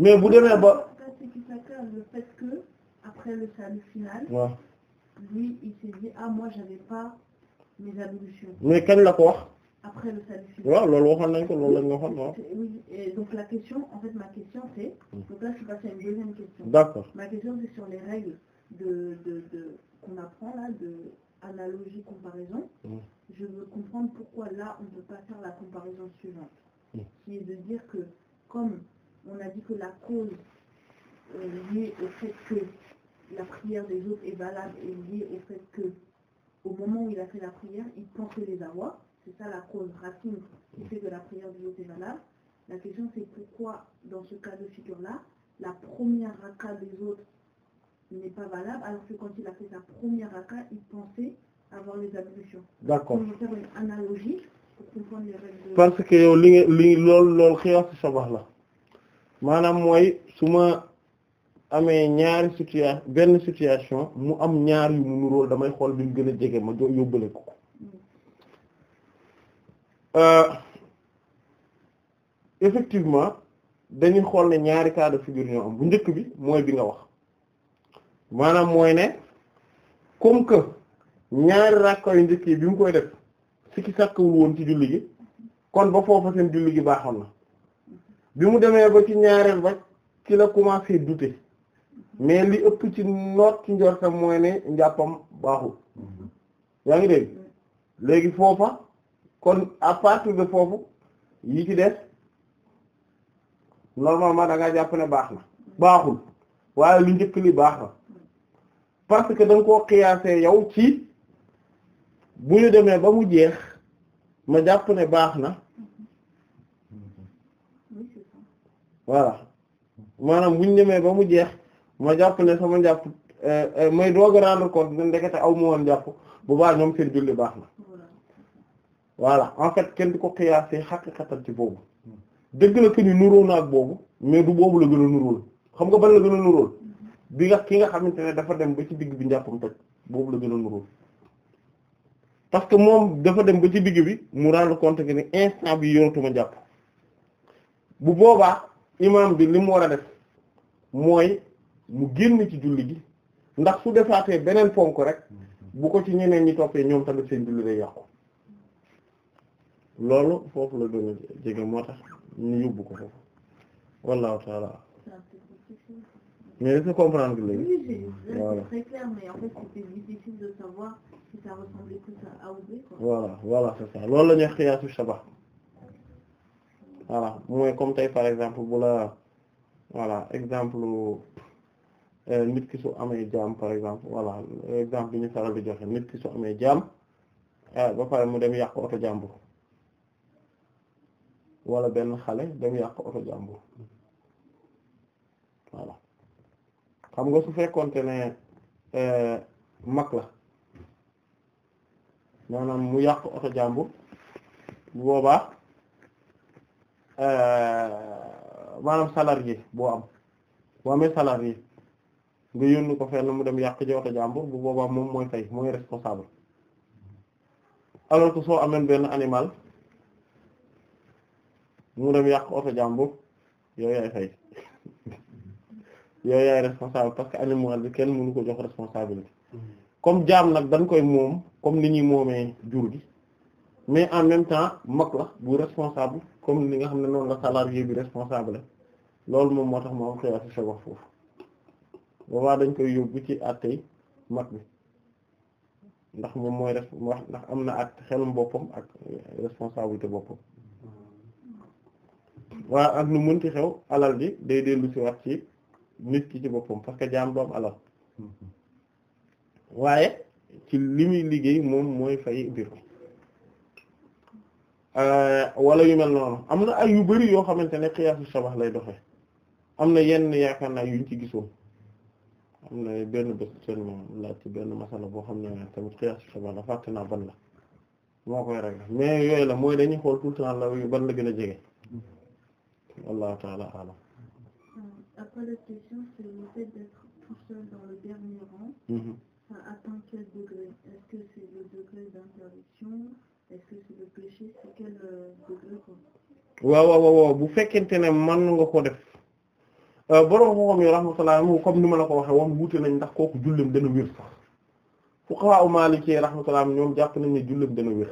mais bu demee ba. sikki sàkka le fait que après le salut final. waaw. lui il s'est dit ah moi j'avais pas mes ablutions. mais kañ la ko wax. après le salut futur. waaw la question en fait ma question c'est. Hmm. donc je suis passée une deuxième question. d'accord ma question c'est sur les règles de qu'on apprend de analogie comparaison. Hmm. je veux comprendre pourquoi là on ne peut pas faire la comparaison suivante. Hmm. qui est de dire que comme on a dit que la cause euh, liée au fait que la prière des autres est valable et liée au fait que au moment où il a fait la prière il pensait les avoir. c'est ça la cause racine la question c'est pourquoi dans ce cas de figure-là, la première raka des autres n'est pas valable alors première raka, il pensait avoir les ablutions. parce que yow li nga li loolu loolu xiyaas la maanaam mooy su ma amee ñaari situation benn situation mu am ñaar yu mu nuróol damay xool bi mu gën a jege ma jo yóbbale ko. Euh, effectivement dañuy xool ne ñaari cas de figure ñoo am bu njëkk bi mooy bi nga wax maanaam mooy ne comme que ñaari rakka yu njëkk yi bi mu koy def si ki sàkkawul woon ci julli gi kon ba foofa seen julli gi baaxoon na bi mu demee ba ci ñaareel ba ci la commencé douter mais li ëpp ci noot ci njortam mooy ne njàppam baaxul yaa ngi dégg léegi foofa kon à partir de foofu yi ci des normalement da ngaa jàpp ne baax na baaxul waaye lu njëkk li baax na parce que da koo xiyaasee yow ci bu ñu demee ba mu jeex ma jàpp ne baax na voilà maanaam bu demee ba mu jeex ma jàpp ne sama jàpp euh, euh, may doog a rendre compte ne ndekete aw ma woon jàpp bu baax ñoom seen julli baax na voilà en fait kenn du ko xiyaasee xaqiqatan ci boobu dëgg la que ni nuroo na ak boobu mais du boobu la gën a nuróol xam nga ban la gën a nuróol bi nga ki nga xamante ne dafa dem ba ci digg bi njàppam toj boobu la gën a nuróol parce que moom dafa dem ba ci digg bi mu rendre compte que ni instant bi yoratuma njàpp bu boobaa imam bi li mu war a def mooy mu génn ci julli gi ndax su defaatee beneen ponk rek bu ko ci ñeneen ñi toppee ñoom tamit seen julli day yàqu loolu foofu la gën a jege moo tax ñu yóbbu ko foofu wallahu taala mais est-ce que comprendre que léegi voilà voilà c'est ça loolu la ñuy xiyaasu sabah voilà mooy comme tey par exemple bu la voilà exemple euh, nit ki su amee jaam par exemple walla exemple bi ñu faral di joxe nit ki su amee jaam ah, ba pare mu dem yàq oto jàmbur wala benn xale dem yàq oto jàmbur voilà xam nga su fekkonte ne euh, mag la maanaam mu yàq oto jàmbur bu boobaa euh, maanaam salarié boo am boo amee salarié nga yónni ko fenn mu dem yàq ji oto jàmbur bu boobaa moom mooy fay mooy responsable alors soo ameen benn animal mu dem yàq oto jàmbur yow yaay fay <laughs> yow yaay responsable parce que animal bi kenn mënu ko jox responsabilité mm. comme jaam nag dañ koy moom comme ni ñuy moomee jur gi mais en même temps mag la bu responsable comme ni nga xam ne noonu la salarié bi responsable loolu moom moo tax moom xiyaasi sa wax foofu boobaa dañ koy yóbbu ci àttey mag bi ndax moom mooy wax ndax am na at xelum boppam ak responsabilité boppam waaw ak nu mënti xew alal ji day dellu ci wax ci nit ki ci boppam parce que jaam doom alal waaye ci li muy liggéey moom mooy fay bi euh, wala yu mel noonu am na ay yu bari yoo xamante ne xiyaasu sabax lay doxee am na yenn yaakaar naa yuñ ci gisoon am na benn bés seulement laaj ci benn masala boo xam ne tamit xiyaasu sabax la fàtte naa ban la moo koy rek mais yooyu la mooy dañuy xool tout le temps la ban la gën a jege. wallahu ta'ala a'lam. Euh, après la question, c'est le fait d'être tout seul dans le dernier rang. Mm-hmm. Ça atteint quel degré? Est-ce que c'est le degré d'interdiction? Est-ce que c'est euh, bu fekkente ne mën nga ko def euh, borom moom yi rahmatullah moom comme ni ma la ko waxee woon wuute nañ ndax kooku julleem dana wér sax fuqaha maliki rahmatullah ñoom jàpp nañ ne julleem dana wér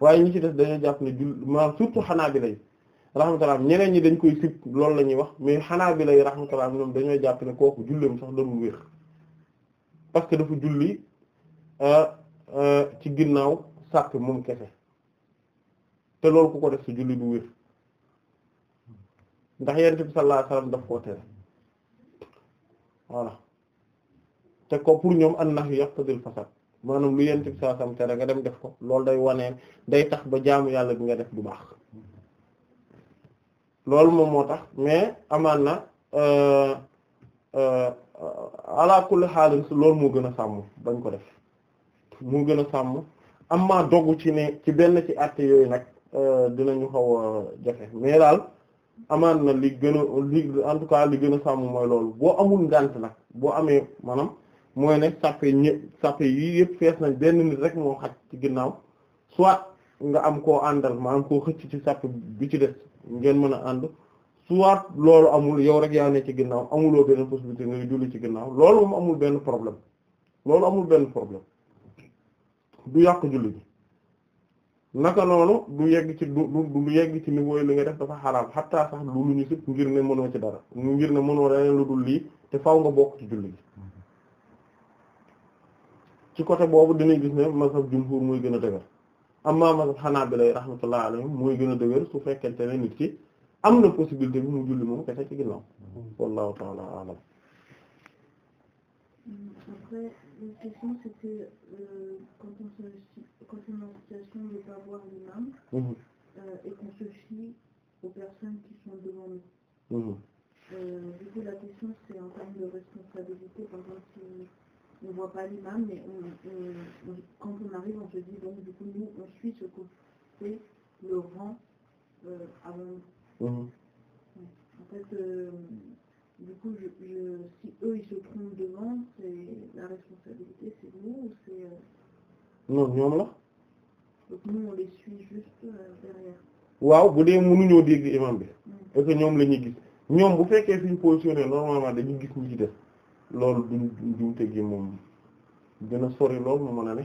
waaye ñi ci def dañoo jàpp ne jull maanaam surtout xanaa bi lay. rahmatullah ñeneen ñi dañ koy sib loolu la ñuy wax mais xanaa bi lay rahmatullah ñoom dañoo jàpp ne kooku julleem sax dalul wér parce que dafa julli euh, euh, ci ginnaaw sàpp moom kese te loolu ku ko def su julli du wér ndax yonent bi sallallahu alayhi wasallam daf koo tere voilà te ko pour ñoom an-nahyu yaqtadil fasad maanaam lu yonent bi sallallahu alayhi wasallam tere nga dem def ko loolu day wane day tax ba jaamu yàlla bi nga def du baax. loolu moom moo tax mais amaan na euh, euh, ala kulli xaalis loolu moo gën a sàmm bañ ko def moo gën a sàmm am amma dogu ci ne ci benn ci àtte yooyu nag euh, dinañu xaw a jafe mais daal amaan na li gën a li en tout cas li gën a sàmm mooy loolu boo amul ngànt nag boo amee maanaam mooy ne sàppe ñëpp sàppe yi yëpp fees nañ benn nit rek moo xaj ci ginnaaw soit nga am koo àndal maanaam koo xëcc ci sàpp bi ci des ngeen mën a ànd soit loolu amul yow rek yaa ne ci ginnaaw amuloo benn possibilité ngay julli ci ginnaaw loolu moom amul benn problème loolu amul benn problème du yàq julli bi naka noonu du yegg ci du du yegg ci niveau li nga def dafa xaraam xataa sax lu lu ñu sëpp ngir ne mënoo ci dara ngir ne mënoo leneen lu dul lii te faw nga bokk ci julli bi ci côté boobu dinañ gis ne mazhab jumhur muy gën a dëgër amma mazhab Hanaabila rahmatullahi alayhim mooy gën a dëgër su fekkente ne nit ki am na possibilité bi mu julli moom kese ci ginnaaw wallahu ta'ala a'lam après une question c'était euh, quand on situation de ne l'imam mhm. euh, et qu'on se fie aux personnes qui sont devant nous mhm. euh, du la question c'est en termes de responsabilité par exemple on voit pas l'imam, mais on, on, on, quand on arrive, on se donc du coup, nous, on suit ce qu'on fait le rang euh, avant mhm. En fait, euh, du je, si eux, ils se trompent devant, c'est la responsabilité, c'est nous c'est... Euh, non, ñoom la. Donc nous, on les suit juste euh, derrière. waaw bu dee mënuñoo dégg imam bi. parce que ñoom la ñuy gis ñoom bu fekkee suñu positionné normalement dañuy gis ñu ci loolu duñ duñ tegi moom gën a sori loolu mu mën a ne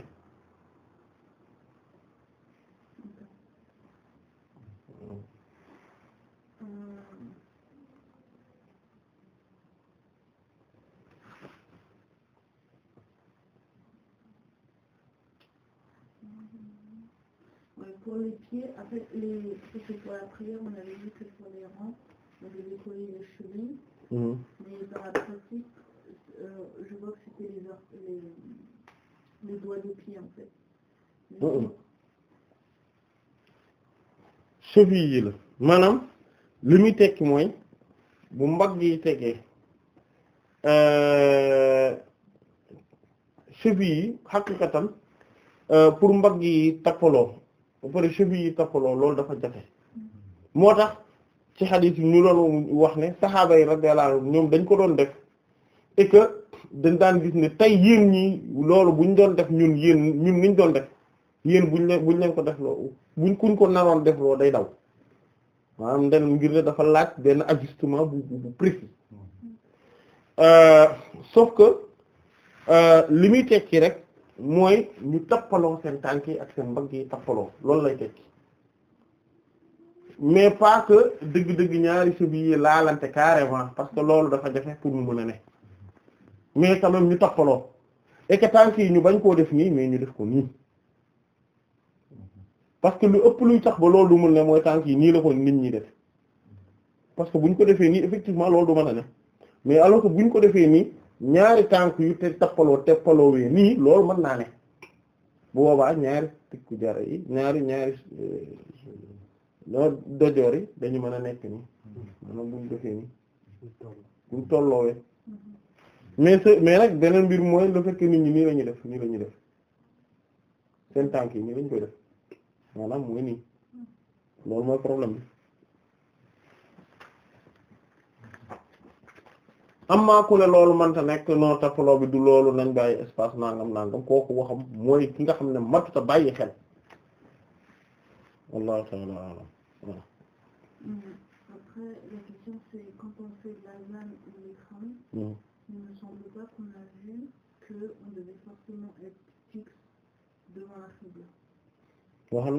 pour les pieds, après les, c'était pour la prière, on avait dit que pour les rangs, on devait coller les chevilles. Mmh. Mais dans la Euh, je vois yi la maanaam li muy tekki mooy bu mbagg yi tegee euh, cheville yi xaqiqatan euh, pour mbagg yi tappaloo ba pare cheville yi tappaloo loolu dafa jafe mm-hmm. moo tax ci xadiis yi ñu doon wax ne saxaaba yi radiyallahu anhum ñoom dañ ko doon def et que dañ daan gis ni tey yéen ñii loolu bu ñu doon def ñun yéen ñun niñ doon def yéen buñ leen buñ leen ko def loo buñ kuñ ko naroon def loo day daw maanaam den ngir ne dafa laaj benn ajustement bu bu précis euh, sauf que euh, li muy tekki rek mooy ñu tappaloo seen tànk yi ak seen mbagg yi tappaloo loolu lay tekki mais pas que dëgg-dëgg ñaari cheville yi laalante carrément parce que loolu dafa jafe pour mu mën a ne mais quand ñu toppaloo et que tànk yi ñu bañ koo def nii mais ñu def ko nii parce que lu ëpp luy tax ba loolu du mën ne mooy tànk yi nii la ko nit ñi def parce que buñ ko defee nii effectivement loolu du mën a ne mais alors que bu ñu ko defee nii ñaari tànk yu te toppaloo teppaloo wee nii loolu mën naa ne bu boobaa ñaari tikku jara yi ñaari ñaari euh, dojoor yi dañu mën a nekk nii maanaam bu ñu defee nii buñ tolloowee mais mais nag beneen mbir mooy le fait nit ñi nii la def nii la ñuy def seen tànk nii la ñu koy def maanaam mooy nii loolu mooy problème bi amma ku ne loolu manta nekk noo tapaloo bi du loolu nañ bàyyi espace nangam nangam kooku waxam mooy ki nga xam ne matuta bàyyi xel il ne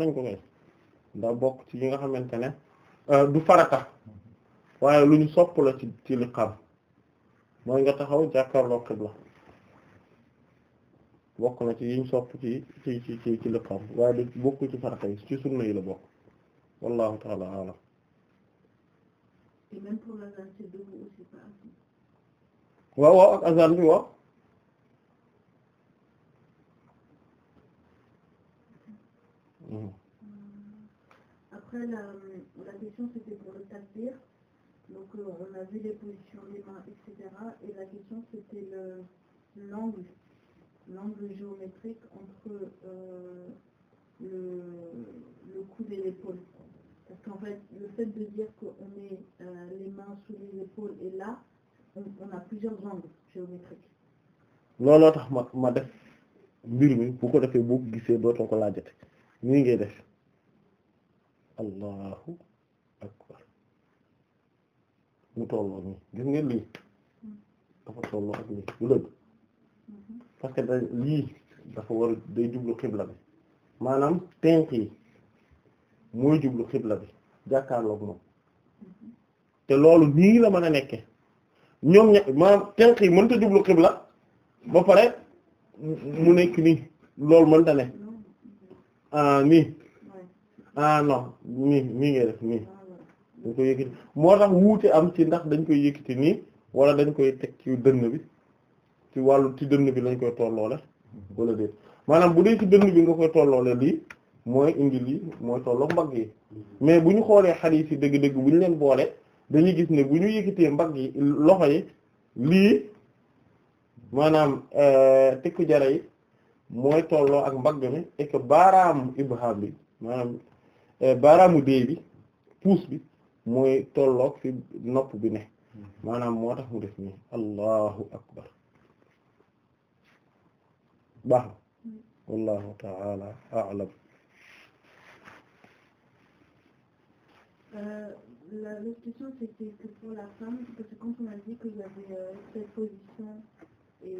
nañ ko kay ndax bokk ci yi nga xamante ne euh, du farata waaye lu sopp la ci ci li xam mooy nga taxaw jàkkaarloo qibla bokk na ci yiñ sopp ci ci ci ci ci li xam waaye du bokk ci farata yi ci sunna yi la bokk wallahu ta'ala a'lam waaw waaw ak hmm. après la question c'était pour le takbir donc euh, on a vu les positions des mains et et la question c'était l'angle l'angle géométrique entre euh, le coude et l'épaule parce qu'en fait le fait de dire qu'on met euh, les mains sous les épaules et là on a looloo tax ma ma def mbir mi bu ko defee boo ko gisee dootoo ko laajate nii ngay def allahu akbar mu tolloo nii gis ngeen lii dafa tolloo ak lii parce que lii dafa war day jublu xibla bi maanaam tenk yi mooy jublu xibla bi jàkkaarloog moom mm-hmm. te loolu nii la mën a nekke ñoom ña maanaam tenq yi mënta jublu xibla ba pare mu nekk nii loolu mënta ne ah nii ah non nii nii ngay def nii dañ koy yëkkati moo tax wuute am ci ndax dañ koy yëkkati nii wala dañ koy teg ci dënn bi ci wàllu ci dënn bi lañ koy tolloole wala déet maanaam bu dee ci dënn bi nga koy tolloole lii mooy indi lii mooy tolloog mbagg yi mm-hmm. mais bu ñu xoolee xadiis yi dëgg-dëgg bu ñu leen boole dañuy gis ne bu ñu yëkkatee mbagg loxo yi lii maanaam euh, tikku jara yi mooy tolloo ak mbagg mi et baaraamu ibham bi maanaam euh, baaraamu dee bi puus bi mooy tolloo fi nopp bi ne maanaam moo tax mu def nii allahu akbar baax wallahu taala a'lam euh, la, question, c'était pour la femme, parce que quand on a dit qu'il y avait euh, position et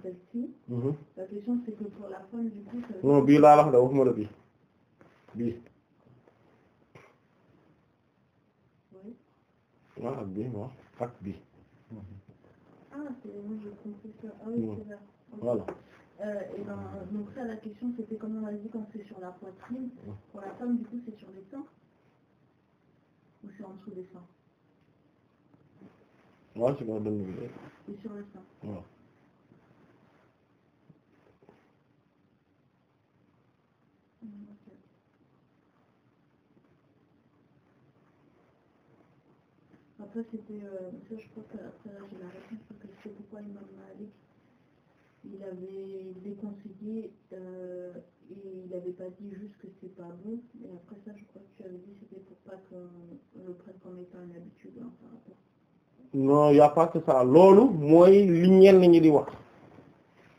celle-ci, mm la question c'est que pour la femme, du coup... Ça... non la bii bii. oui. ah c'est moi j'ai compris ça ah mhm. voilà. Euh, et ben, donc ça la question c'était comme on a dit quand c'est sur la poitrine, mhm. pour la femme du coup c'est sur les seins. ou sur le sein waaw ci kaw dënn bi de sur le sein waaw après c'était euh, ça je crois que après là j'ai la réponse parce que c'est pourquoi Imam Malik il avait déconseillé euh, et il n'avait pas dit loolu mooy li ñenn ñi di wax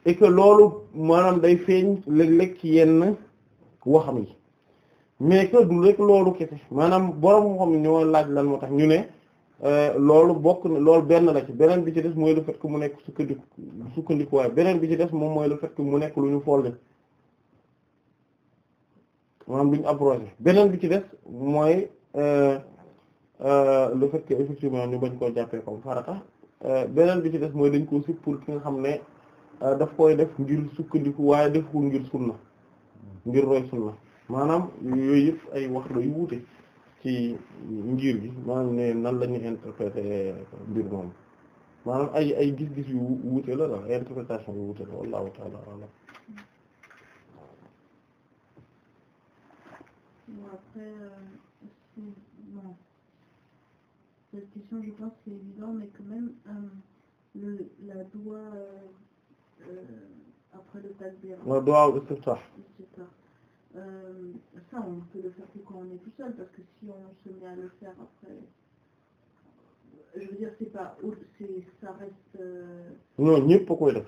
et que loolu maanaam day feeñ léeg-léeg ci yenn waxam yi mais que du rek loolu kese maanaam borom xam ñoo laaj lan moo tax ñu ne euh, loolu bokk na lool benn la ci beneen bi ci des mooy le fait que mu nekk sukkandiku sukkandikuwaay beneen bi ci des moom mooy le fait que mu nekk lu ñu fool folde maanaam duñ abrogé beneen bi ci des mooy euh, euh, le fait que effectivement ñu bañ koo jàppee comme farata euh, beneen bi ci des mooy dañ koo si pour ki nga xam ne daf koy def ngir sukkandiku waaye def ko ngir sunna ngir roy sunna maanaam yooyu yëpp ay wax la yu wuute ci ngir gi maanaam ne nan la ñu interpréter mbir moom maanaam ay ay gis-gis yu wuute la la interprétation yu wuute la wallahu ta'ala a'lam Bon, après, euh, bon. cette question, je pense, c'est évident, mais quand même, euh, le, la doigt euh, euh, après le takbir. La doigt ou istiftah. ça, on peut le faire que quand on est tout seul, parce que si on se met à le faire après je veux dire c'est pas c'est ça reste. non ñëpp koy def.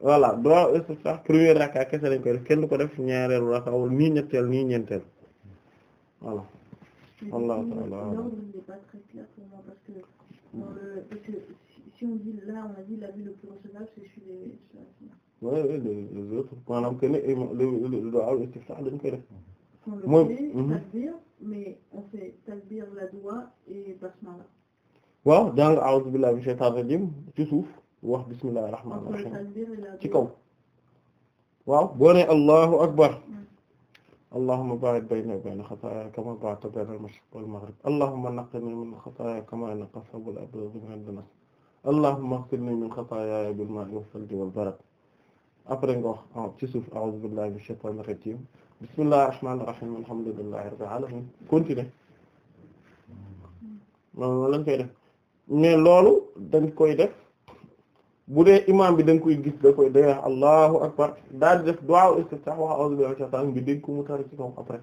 voilà du'a istiftaah première rakka kese lañ koy kenn du ko def ñaareelu rakka wala nii ñetteel nii ñeenteel voilà Allah ta'ala euh, si on dit là on a dit la vie le plus recevable c'est celui des ouais ouais les autres maanaam que ne le du'a istiftaah dañ koy def mooy mhm. tasbih mais on fait tasbih la du'a et basmala waaw jàng a'uuzu billahi minash shaytaanir rajiim ci suuf wax bismillahir rahmanir rahim ci kaw waaw boo ne allahu akbar mm. allahumma ba'id bayna wa bayna xataaya kama ba'adta bayna al-mashriq wal-maghrib allahumma naqqini min xataaya kama yanqa ath-thawbul abyadu min ad-dunas allahumma ighsilni min xataayaaya bil-maa'i was-salji wal-barad après nga wax ah, ci suuf a'uuzu billahi minash shaytaanir rajiim bismillahir rahmanir rahim alhamdulillahi rabbil alamin continuer loolu mm. lañ koy def mais loolu dañ koy def bu dee imaam bi da nga koy gis da koy day wax allahu akbar daal di def du'a istiftah wax a'udhu billahi minash shaytanir rajim dégg ko mu tari après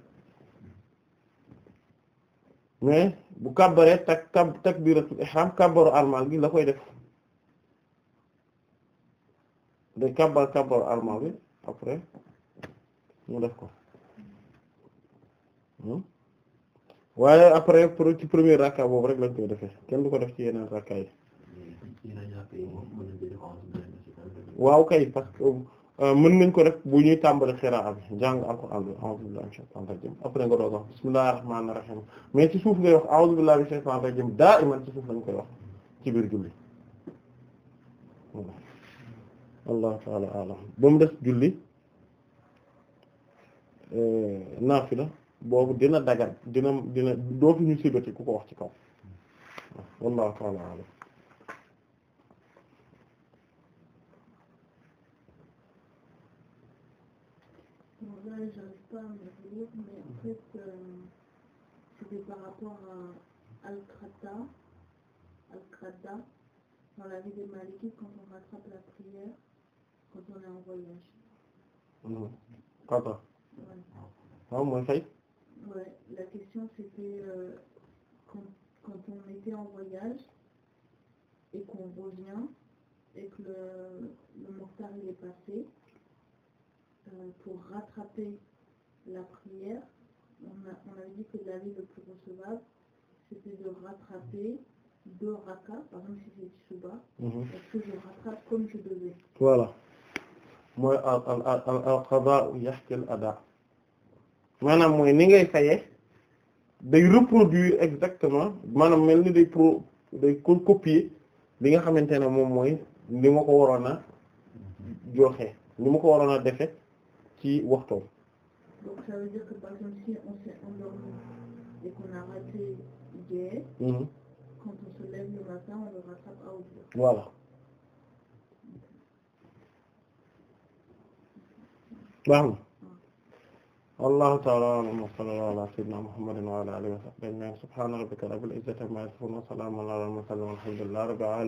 mais bu kabbare tak takbiratul ihram kabbaru almal gi la koy def day kabbar kabbaru almal bi après mu def ko hmm? waaye après pour ci premier rakka boobu rek la koy defee kenn du ko def ci yeneen rakka yi waaw kay parce que euh, mën nañ ko rek bu ñuy tàmbali xiraa bi jàng alquran bi a'udhu billahi minash shaytanir rajim après nga doog wax bismillahir rahmanir rahim mais ci suuf ngay wax a'udhu billahi minash shaytanir daa iman ci suuf lañ koy wax ci biir julli wallahu ta'ala a'lam ba mu def julli euh, naafila boobu dina dagal dina dina dootuñu sibati ku ko wax ci kaw wallahu ta'ala a'lam là, j'arrive pas à me dire, mais en fait, euh, c'était par rapport à Al-Qadda, Al-Qadda, dans la vie des Malikites, quand on rattrape la prière, quand on est en voyage. Qadda. waaw mooy fay. Ouais, la question c'était euh, quand, quand on était en voyage et qu'on revient et que le, le mortar il est passé. euh, pour rattraper la prière, on, a, on avait dit que l'avis mhm. mooy al mooy ni ngay fayee day reproduire exactement maanaam mel ni day pro copier li nga xamante ne moom mooy ni ma ko waroon a joxe ni ma ko waroon a defe ci waxtoom. donc ça veut dire que par exemple si on s'est endormi et qu'on a raté hier. Mm-hmm. quand on se lève le matin on le rattrape à autre chose. voilà. baax na. wallahu ta'ala a'lam wa sallallahu ala sayyidina muhammadin wa ala alihi wa sahbihi subhana rabbika rabbil izzati amma yasifun wa salamun ala al mursalin walhamdulillahi rabbil alamin